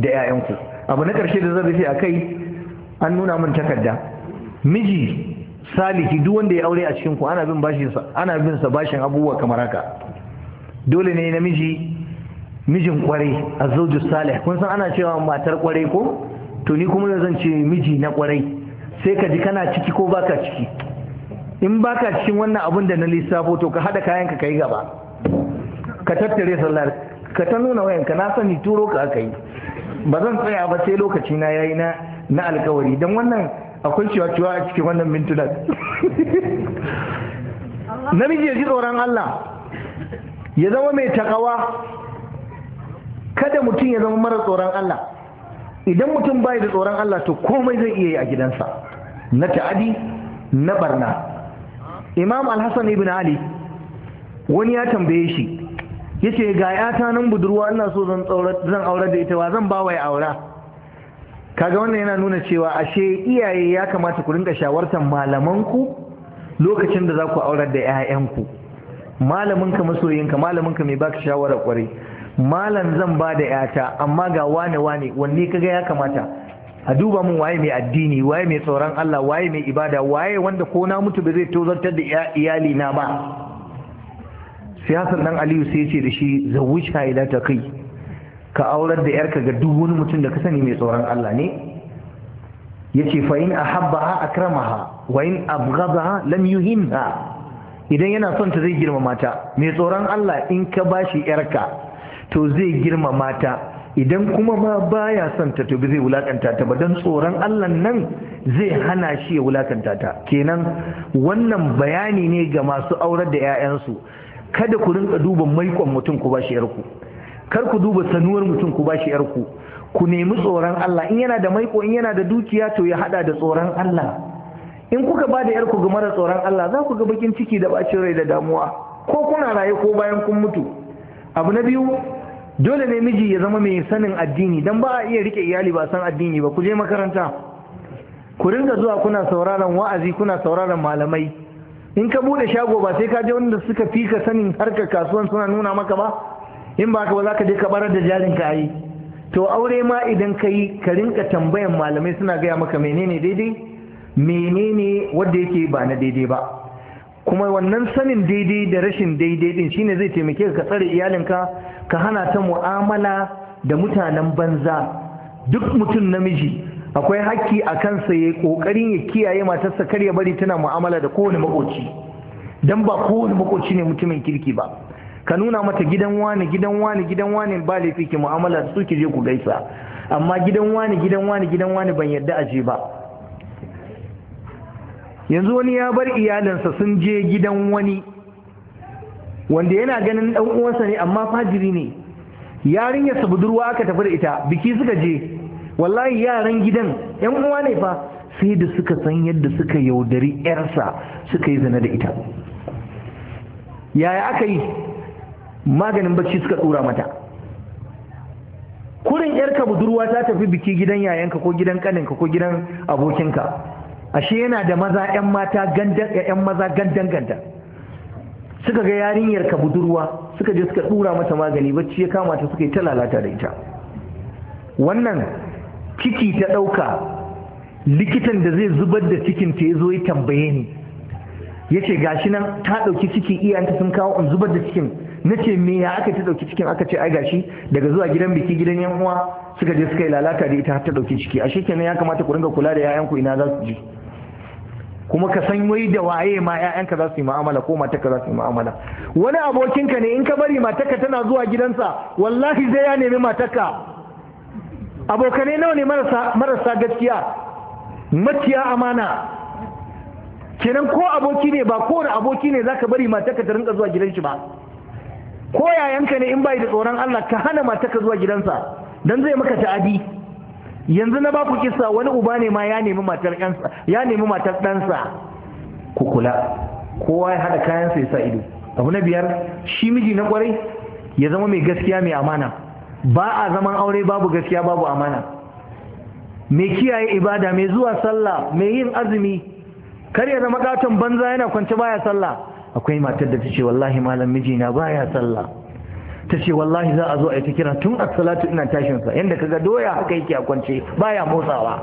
‘ya'yanku abu na ƙarshe da zarafi a kai an nuna min takarda miji saliki duk wanda ya aure a cikinku, ana bin sa bashin abubuwa kamar haka dole ne namiji mijin kwarai azzawju salih kun san ana cewa matar kwarai ko to ni kuma zan ce miji na kwarai sai ka ji kana ciki ko baka ciki in baka cikin wannan abun da na lissafo to ka hada kayanka ka kai gaba ka tattare sallar ka ta nuna wayanka na sani turo ka aka yi ba zan tsaya ba sai lokaci na yayi na na alkawari dan wannan akwai cewa cewa a cikin wannan mintunan *laughs* namiji ya ji tsoron Allah ya zama mai takawa kada mutum ya zama mara tsoron Allah idan mutum bai da tsoron Allah to komai zai iya yi a gidansa na ta'adi na barna imam alhassan ibn ali wani ya tambaye shi ya ce ga yata nan budurwa ina so zan aure da ita wa zan ba wa ya aura kaga wannan yana nuna cewa ashe iyaye ya kamata ku rinka shawartar malamanku lokacin da za ku aurar da 'ya'yanku malaminka masoyinka malaminka mai baka shawara kwarai malam zan ba da yata amma ga wane wane wanne kaga ya kamata a duba mun waye mai addini waye mai tsoron Allah waye mai ibada waye wanda ko na mutu ba zai tozartar da iyali na ba Siyasar ɗan Aliyu sai ce da shi zawuca ila ta kai ka aurar da yarka ga duk wani mutum da ka sani mai tsoron Allah ne yace fa in ahabbaha akramaha wa in abghadaha lam yuhinna idan yana son ta zai girmama ta mai tsoron Allah in ka bashi yarka to zai girma mata idan kuma ma baya son ta tobi zai wulakanta ta ba don tsoron Allah nan zai hana shi ya wulakanta ta kenan wannan bayani ne ga masu aurar da 'ya'yansu kada ku rinka duba maikon mutum ku bashi yarku kar ku duba sanuwar mutum ku bashi yarku ku nemi tsoron Allah in yana da maiko in yana da dukiya to ya hada da tsoron Allah in kuka ba da yarku ga mara tsoron Allah za ku ga bakin ciki da bacin rai da damuwa ko kuna raye ko bayan kun mutu abu na biyu dole ne miji ya zama mai sanin addini don ba a iya rike iyali ba san addini ba ku je makaranta ku ringa zuwa kuna sauraron wa'azi kuna sauraron malamai in ka bude shago ba sai ka je wanda suka fi ka sanin harkar kasuwan suna nuna maka ba in ba ka ba za ka je ka barar da jarin ka yi to aure ma idan ka yi ka rinka tambayan malamai suna gaya maka menene daidai menene wanda yake ba na daidai ba kuma wannan sanin daidai da rashin daidai din shine zai taimake ka tsare iyalinka ka hana ta mu'amala da mutanen banza duk mutum namiji akwai hakki a kansa ya kokarin ya kiyaye matarsa kar ya bari tana mu'amala da kowane makoci dan ba kowane makoci ne mutumin kirki ba ka nuna mata gidan wani gidan wani gidan wani ba laifi ki mu'amala da su ki je ku gaisa amma gidan wani gidan wani gidan wani ban yadda aje ba yanzu wani ya bar iyalinsa sun je gidan wani wanda yana ganin dan uwansa ne amma fajiri ne yarinyarsa budurwa aka tafi da ita biki suka je wallahi yaran gidan yan uwa ne fa sai da suka san yadda suka yaudari yarsa suka yi zina da ita yaya aka yi maganin bacci suka tsura mata kurin yarka budurwa ta tafi biki gidan yayanka ko gidan kaninka ko gidan abokinka ashe yana da maza 'yan mata gandan 'yan maza gandan suka ga yarinyar ka budurwa suka je suka dura mata magani bacci ya kama ta suka yi ta lalata da ita wannan ciki ta ɗauka likitan da zai zubar da cikin ta ya zo ya tambaye ni ya ce gashi nan ta ɗauki ciki iyayenta sun kawo in zubar da cikin na ce me ya aka ta ɗauki cikin aka ce ai gashi daga zuwa gidan biki gidan yan uwa suka je suka yi lalata da ita har ta ɗauki ciki ashe kenan ya kamata ku ringa kula da 'ya'yanku ina za su je kuma ka san wai da waye ma ƴaƴanka za su yi mu'amala ko matarka za su yi mu'amala wani abokinka ne in ka bari matarka tana zuwa gidansa wallahi zai ya nemi matarka abokanai nawa ne marasa marasa gaskiya maciya amana kenan ko aboki ne ba kowane aboki ne zaka bari matarka ta rinka zuwa gidan shi ba ko yayanka ne in bai da tsoron Allah ka hana matarka zuwa gidansa dan zai maka ta'adi yanzu na baku kisa wani uba ne ma ya nemi matar ya ɗansa ku kula kowa ya haɗa kayan sai sa ido abu na biyar shi miji na kwarai ya zama mai gaskiya mai amana ba a zaman aure babu gaskiya babu amana mai kiyaye ibada mai zuwa sallah mai yin azumi kar ya zama katon banza yana kwance baya sallah akwai matar da ta ce wallahi malam mijina baya sallah ta ce wallahi za a zo a yi ta kira tun a salatu ina tashinsa yadda ka ga doya haka yake a kwance baya motsawa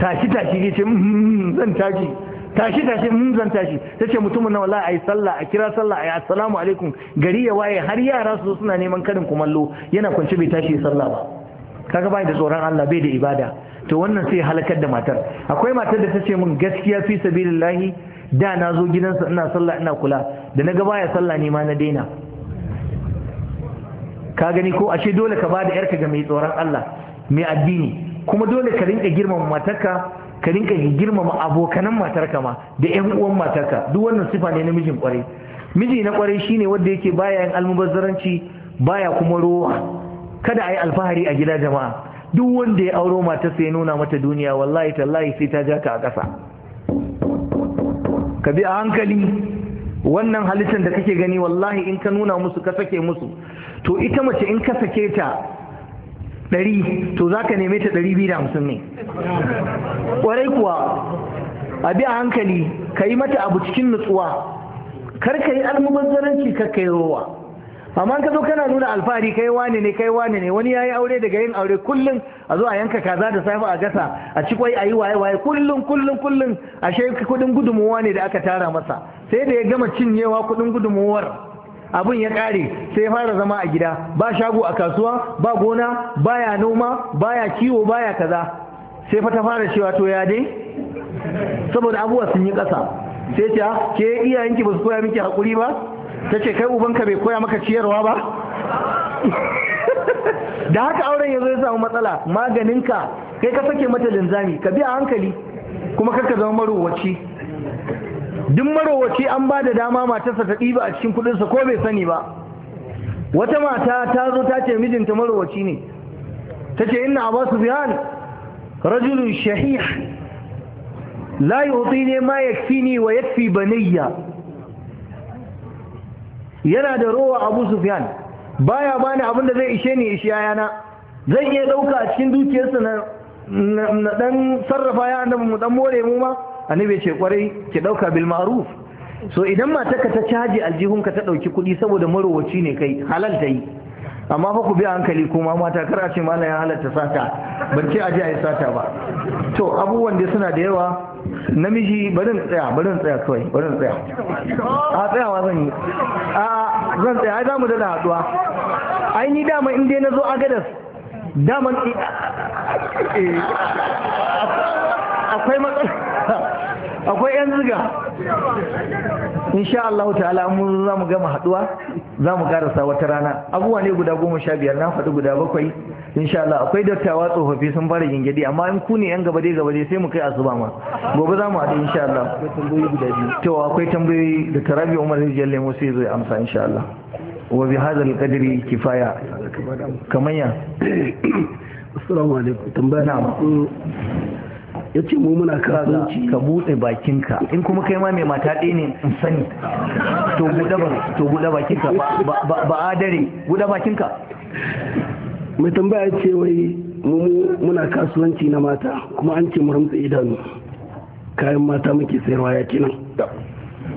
tashi tashi ya ce mm, mm, mm, zan tashi tashi tashi mun zan tashi ta ce mutumin na wallahi yi sallah a kira sallah yi assalamu alaikum gari ya waye har yara su suna neman karin kumallo yana kwance bai tashi sallah ba kaga bai da tsoron Allah bai da ibada to wannan sai halakar da matar akwai matar da ta ce min gaskiya fi sabilillahi da na zo gidansa ina sallah ina kula da na ga baya sallah ne ma na daina ka gani ko ashe dole ka bada yarka ga mai tsoron Allah mai addini kuma dole ka rinka girmama matarka ka rinka girmama abokanan matarka ma da ƴan uwan matarka duk wannan sifa ne na mijin kwarai miji na kwarai shine wanda yake baya yin almubazzaranci baya kuma rowa kada a alfahari a gida jama'a duk wanda ya auro mata sai nuna mata duniya wallahi tallahi sai ta ja ka a ƙasa ka bi a hankali wannan halittar da kake gani wallahi in ka nuna musu ka sake musu to ita mace in ka sake ta ɗari to za ka neme ta ɗari biyu da hamsin ne ƙwarai kuwa a bi a hankali ka yi mata abu cikin nutsuwa kar ka yi almubazzaranci kar ka yi rowa amma ka zo kana nuna alfahari kai wane ne kai wane ne wani yayi aure daga yin aure kullum a zo a yanka kaza da safe a gasa a ci kwai ayi waye waye kullum kullum kullum ashe kudin gudunmuwa ne da aka tara masa sai da ya gama cinyewa kudin gudunmuwar abin ya kare sai fara zama a gida ba shago a kasuwa ba gona baya noma baya kiwo baya kaza sai fa ta fara cewa to ya dai saboda abubuwa sun yi kasa. sai ta ke iyayenki ba su koya miki hakuri ba ta ce kai ubanka bai koya maka ciyarwa ba da haka auren ya zo ya samu matsala maganinka kai ka sake mata linzami ka bi a hankali kuma karka zama marowaci duk marowaci an ba da dama matarsa ta ɗiba a cikin kuɗinsa ko bai sani ba wata mata ta zo ta ce mijinta marowaci ne ta ce inna abu su biyan rajulun shahih la yuti ne ma yakfini wa yakfi banayya yana da rowa abu sufyan baya bani abin da zai ishe ni ishe yana zai iya ɗauka a cikin dukiyarsa na ɗan sarrafa ya annabi mu ɗan more mu ma annabi ce kwarai ki ɗauka bil ma'ruf so idan matarka ta caji aljihunka ta ɗauki kuɗi saboda marowaci ne kai halal ta yi amma fa ku bi hankali kuma mata kar a ce mana ya halatta sata ban ce aje a yi sata ba to abubuwan da suna da yawa namiji in tsaya in tsaya kawai in tsaya a tsaya wa zan yi a zan tsaya ai zamu dada haduwa ai ni dama in dai nazo agadas dama akwai matsala akwai yan ziga insha Allah ta'ala mun za mu gama haduwa za mu karasa wata rana Abuwa ne guda goma sha biyar na faɗi guda bakwai insha Allah akwai dattawa tsofaffi sun fara gingidi amma in ku ne yan gaba dai gaba dai sai mu kai asuba ma gobe za mu haɗu insha Allah to akwai tambayoyi da tarabi Umar Rijal Lemo sai zai amsa insha Allah wa bi hadal kadiri qadri kifaya kamanya *coughs* assalamu alaikum tambaya na ya ce mu muna kasuwanci ka buɗe bakinka in kuma kai ma mai mata ɗaya ne in sani to buɗe ba to buɗe bakinka ba dare. buɗe bakinka mai tambaya ce wai mu muna kasuwanci na mata kuma an ce mu ramtsa idanu kayan mata muke sayarwa ya kenan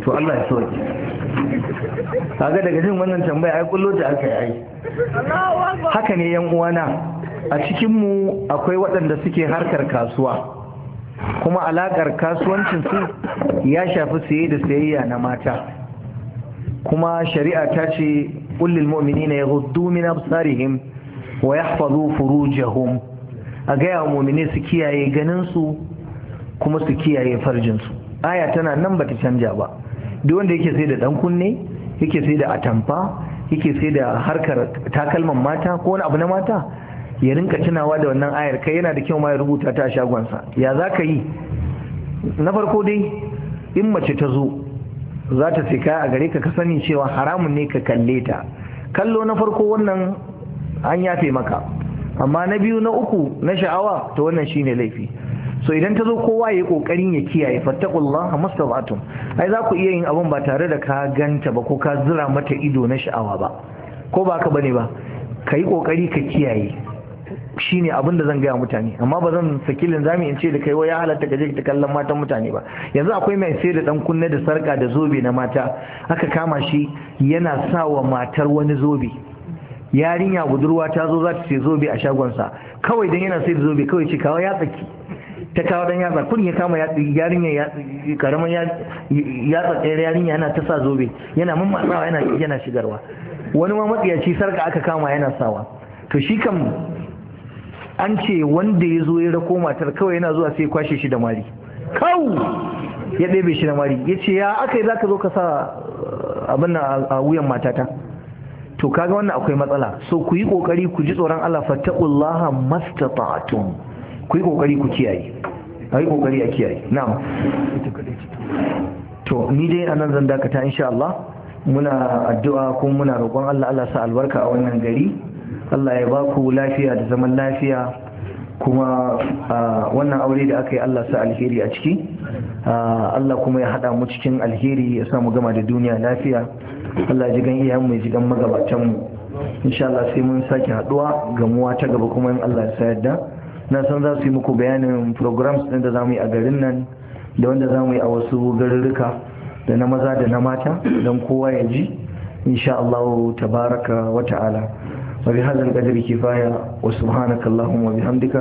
to Allah ya sauke kaga daga jin wannan tambaya ai kullo ta aka yi haka ne yan uwana a cikin mu akwai waɗanda suke harkar kasuwa kuma alaƙar su ya shafi siye da sayayya na mata kuma shari'a ta ce ƙullil mu'minina ya hudu min absarihim wa yahfazu furujahum a gaya wa mu'mini su kiyaye ganin su kuma su kiyaye farjinsu aya tana nan bata canja ba duk wanda yake sai da dan kunne yake sai da atamfa yake sai da harkar takalman mata ko wani abu na mata ya rinka tunawa da wannan ayar kai yana da kyau ma ya rubuta ta a shagonsa ya za ka yi na farko dai in mace ta zo za ta sai kaya a gare ka ka sani cewa haramun ne ka kalle ta kallo na farko wannan an yafe maka amma na biyu na uku na sha'awa ta wannan shine laifi so idan ta zo kowa ya yi kokarin ya kiyaye fattakullah mastata'tum ai za ku iya yin abin ba tare da ka ganta ba ko ka zira mata ido na sha'awa ba ko ba ka bane ba ka yi kokari ka kiyaye shine abin da zan gaya mutane amma ba zan sakilin zami in ce da kai ya halatta gaje ta kallon matan mutane ba yanzu akwai mai sai da dan kunne da sarka da zobe na mata aka kama shi yana sa wa matar wani zobe yarinya budurwa ta zo za ta ce zobe a shagonsa kawai dan yana sai da zobe kawai ce kawai ya tsaki ta kawo dan yatsa kun ya kama yarinya karamin yatsa tsayar yarinya yana ta sa zobe yana mammatsawa yana shigarwa wani ma matsiyaci sarka aka kama yana sawa to shi kam an ce wanda ya zo ya rako matar kawai yana zuwa sai kwashe shi da mari kawu ya ɗebe shi da mari ya ce ya aka yi za ka zo ka sa uh, abin a wuyan matata to kaga wannan akwai matsala so ku yi kokari ku ji tsoron Allah fattaqullaha mastata'tum ku yi kokari ku kiyaye a yi kokari a kiyaye na'am to ni dai anan zan dakata insha Allah muna addu'a kuma muna roƙon Allah Allah sa albarka a wannan gari Allah ya ba ku lafiya da zaman lafiya kuma wannan aure da aka yi Allah sa alheri a ciki Allah kuma ya haɗa mu cikin alheri ya sa mu gama da duniya lafiya Allah ji gan iyayen mai ji gan magabatanmu insha Allah sai mun sake haɗuwa gamuwa ta gaba kuma in Allah ya sa yadda na san za su yi muku bayanin programs ɗin da za mu yi a garin nan da wanda za mu yi a wasu garurruka da na maza da na mata don kowa ya ji insha Allah tabaraka wa ta'ala وبهذا القدر كفاية وسبحانك اللهم وبحمدك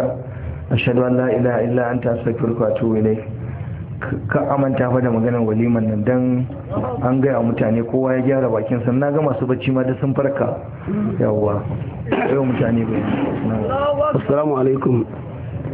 أشهد أن لا إله إلا أنت أستغفرك وأتوب إليك ka amanta fa da maganar waliman nan dan an gaya mutane kowa ya gyara bakin sa na ga masu bacci ma da sun farka yawwa yau mutane bai assalamu alaikum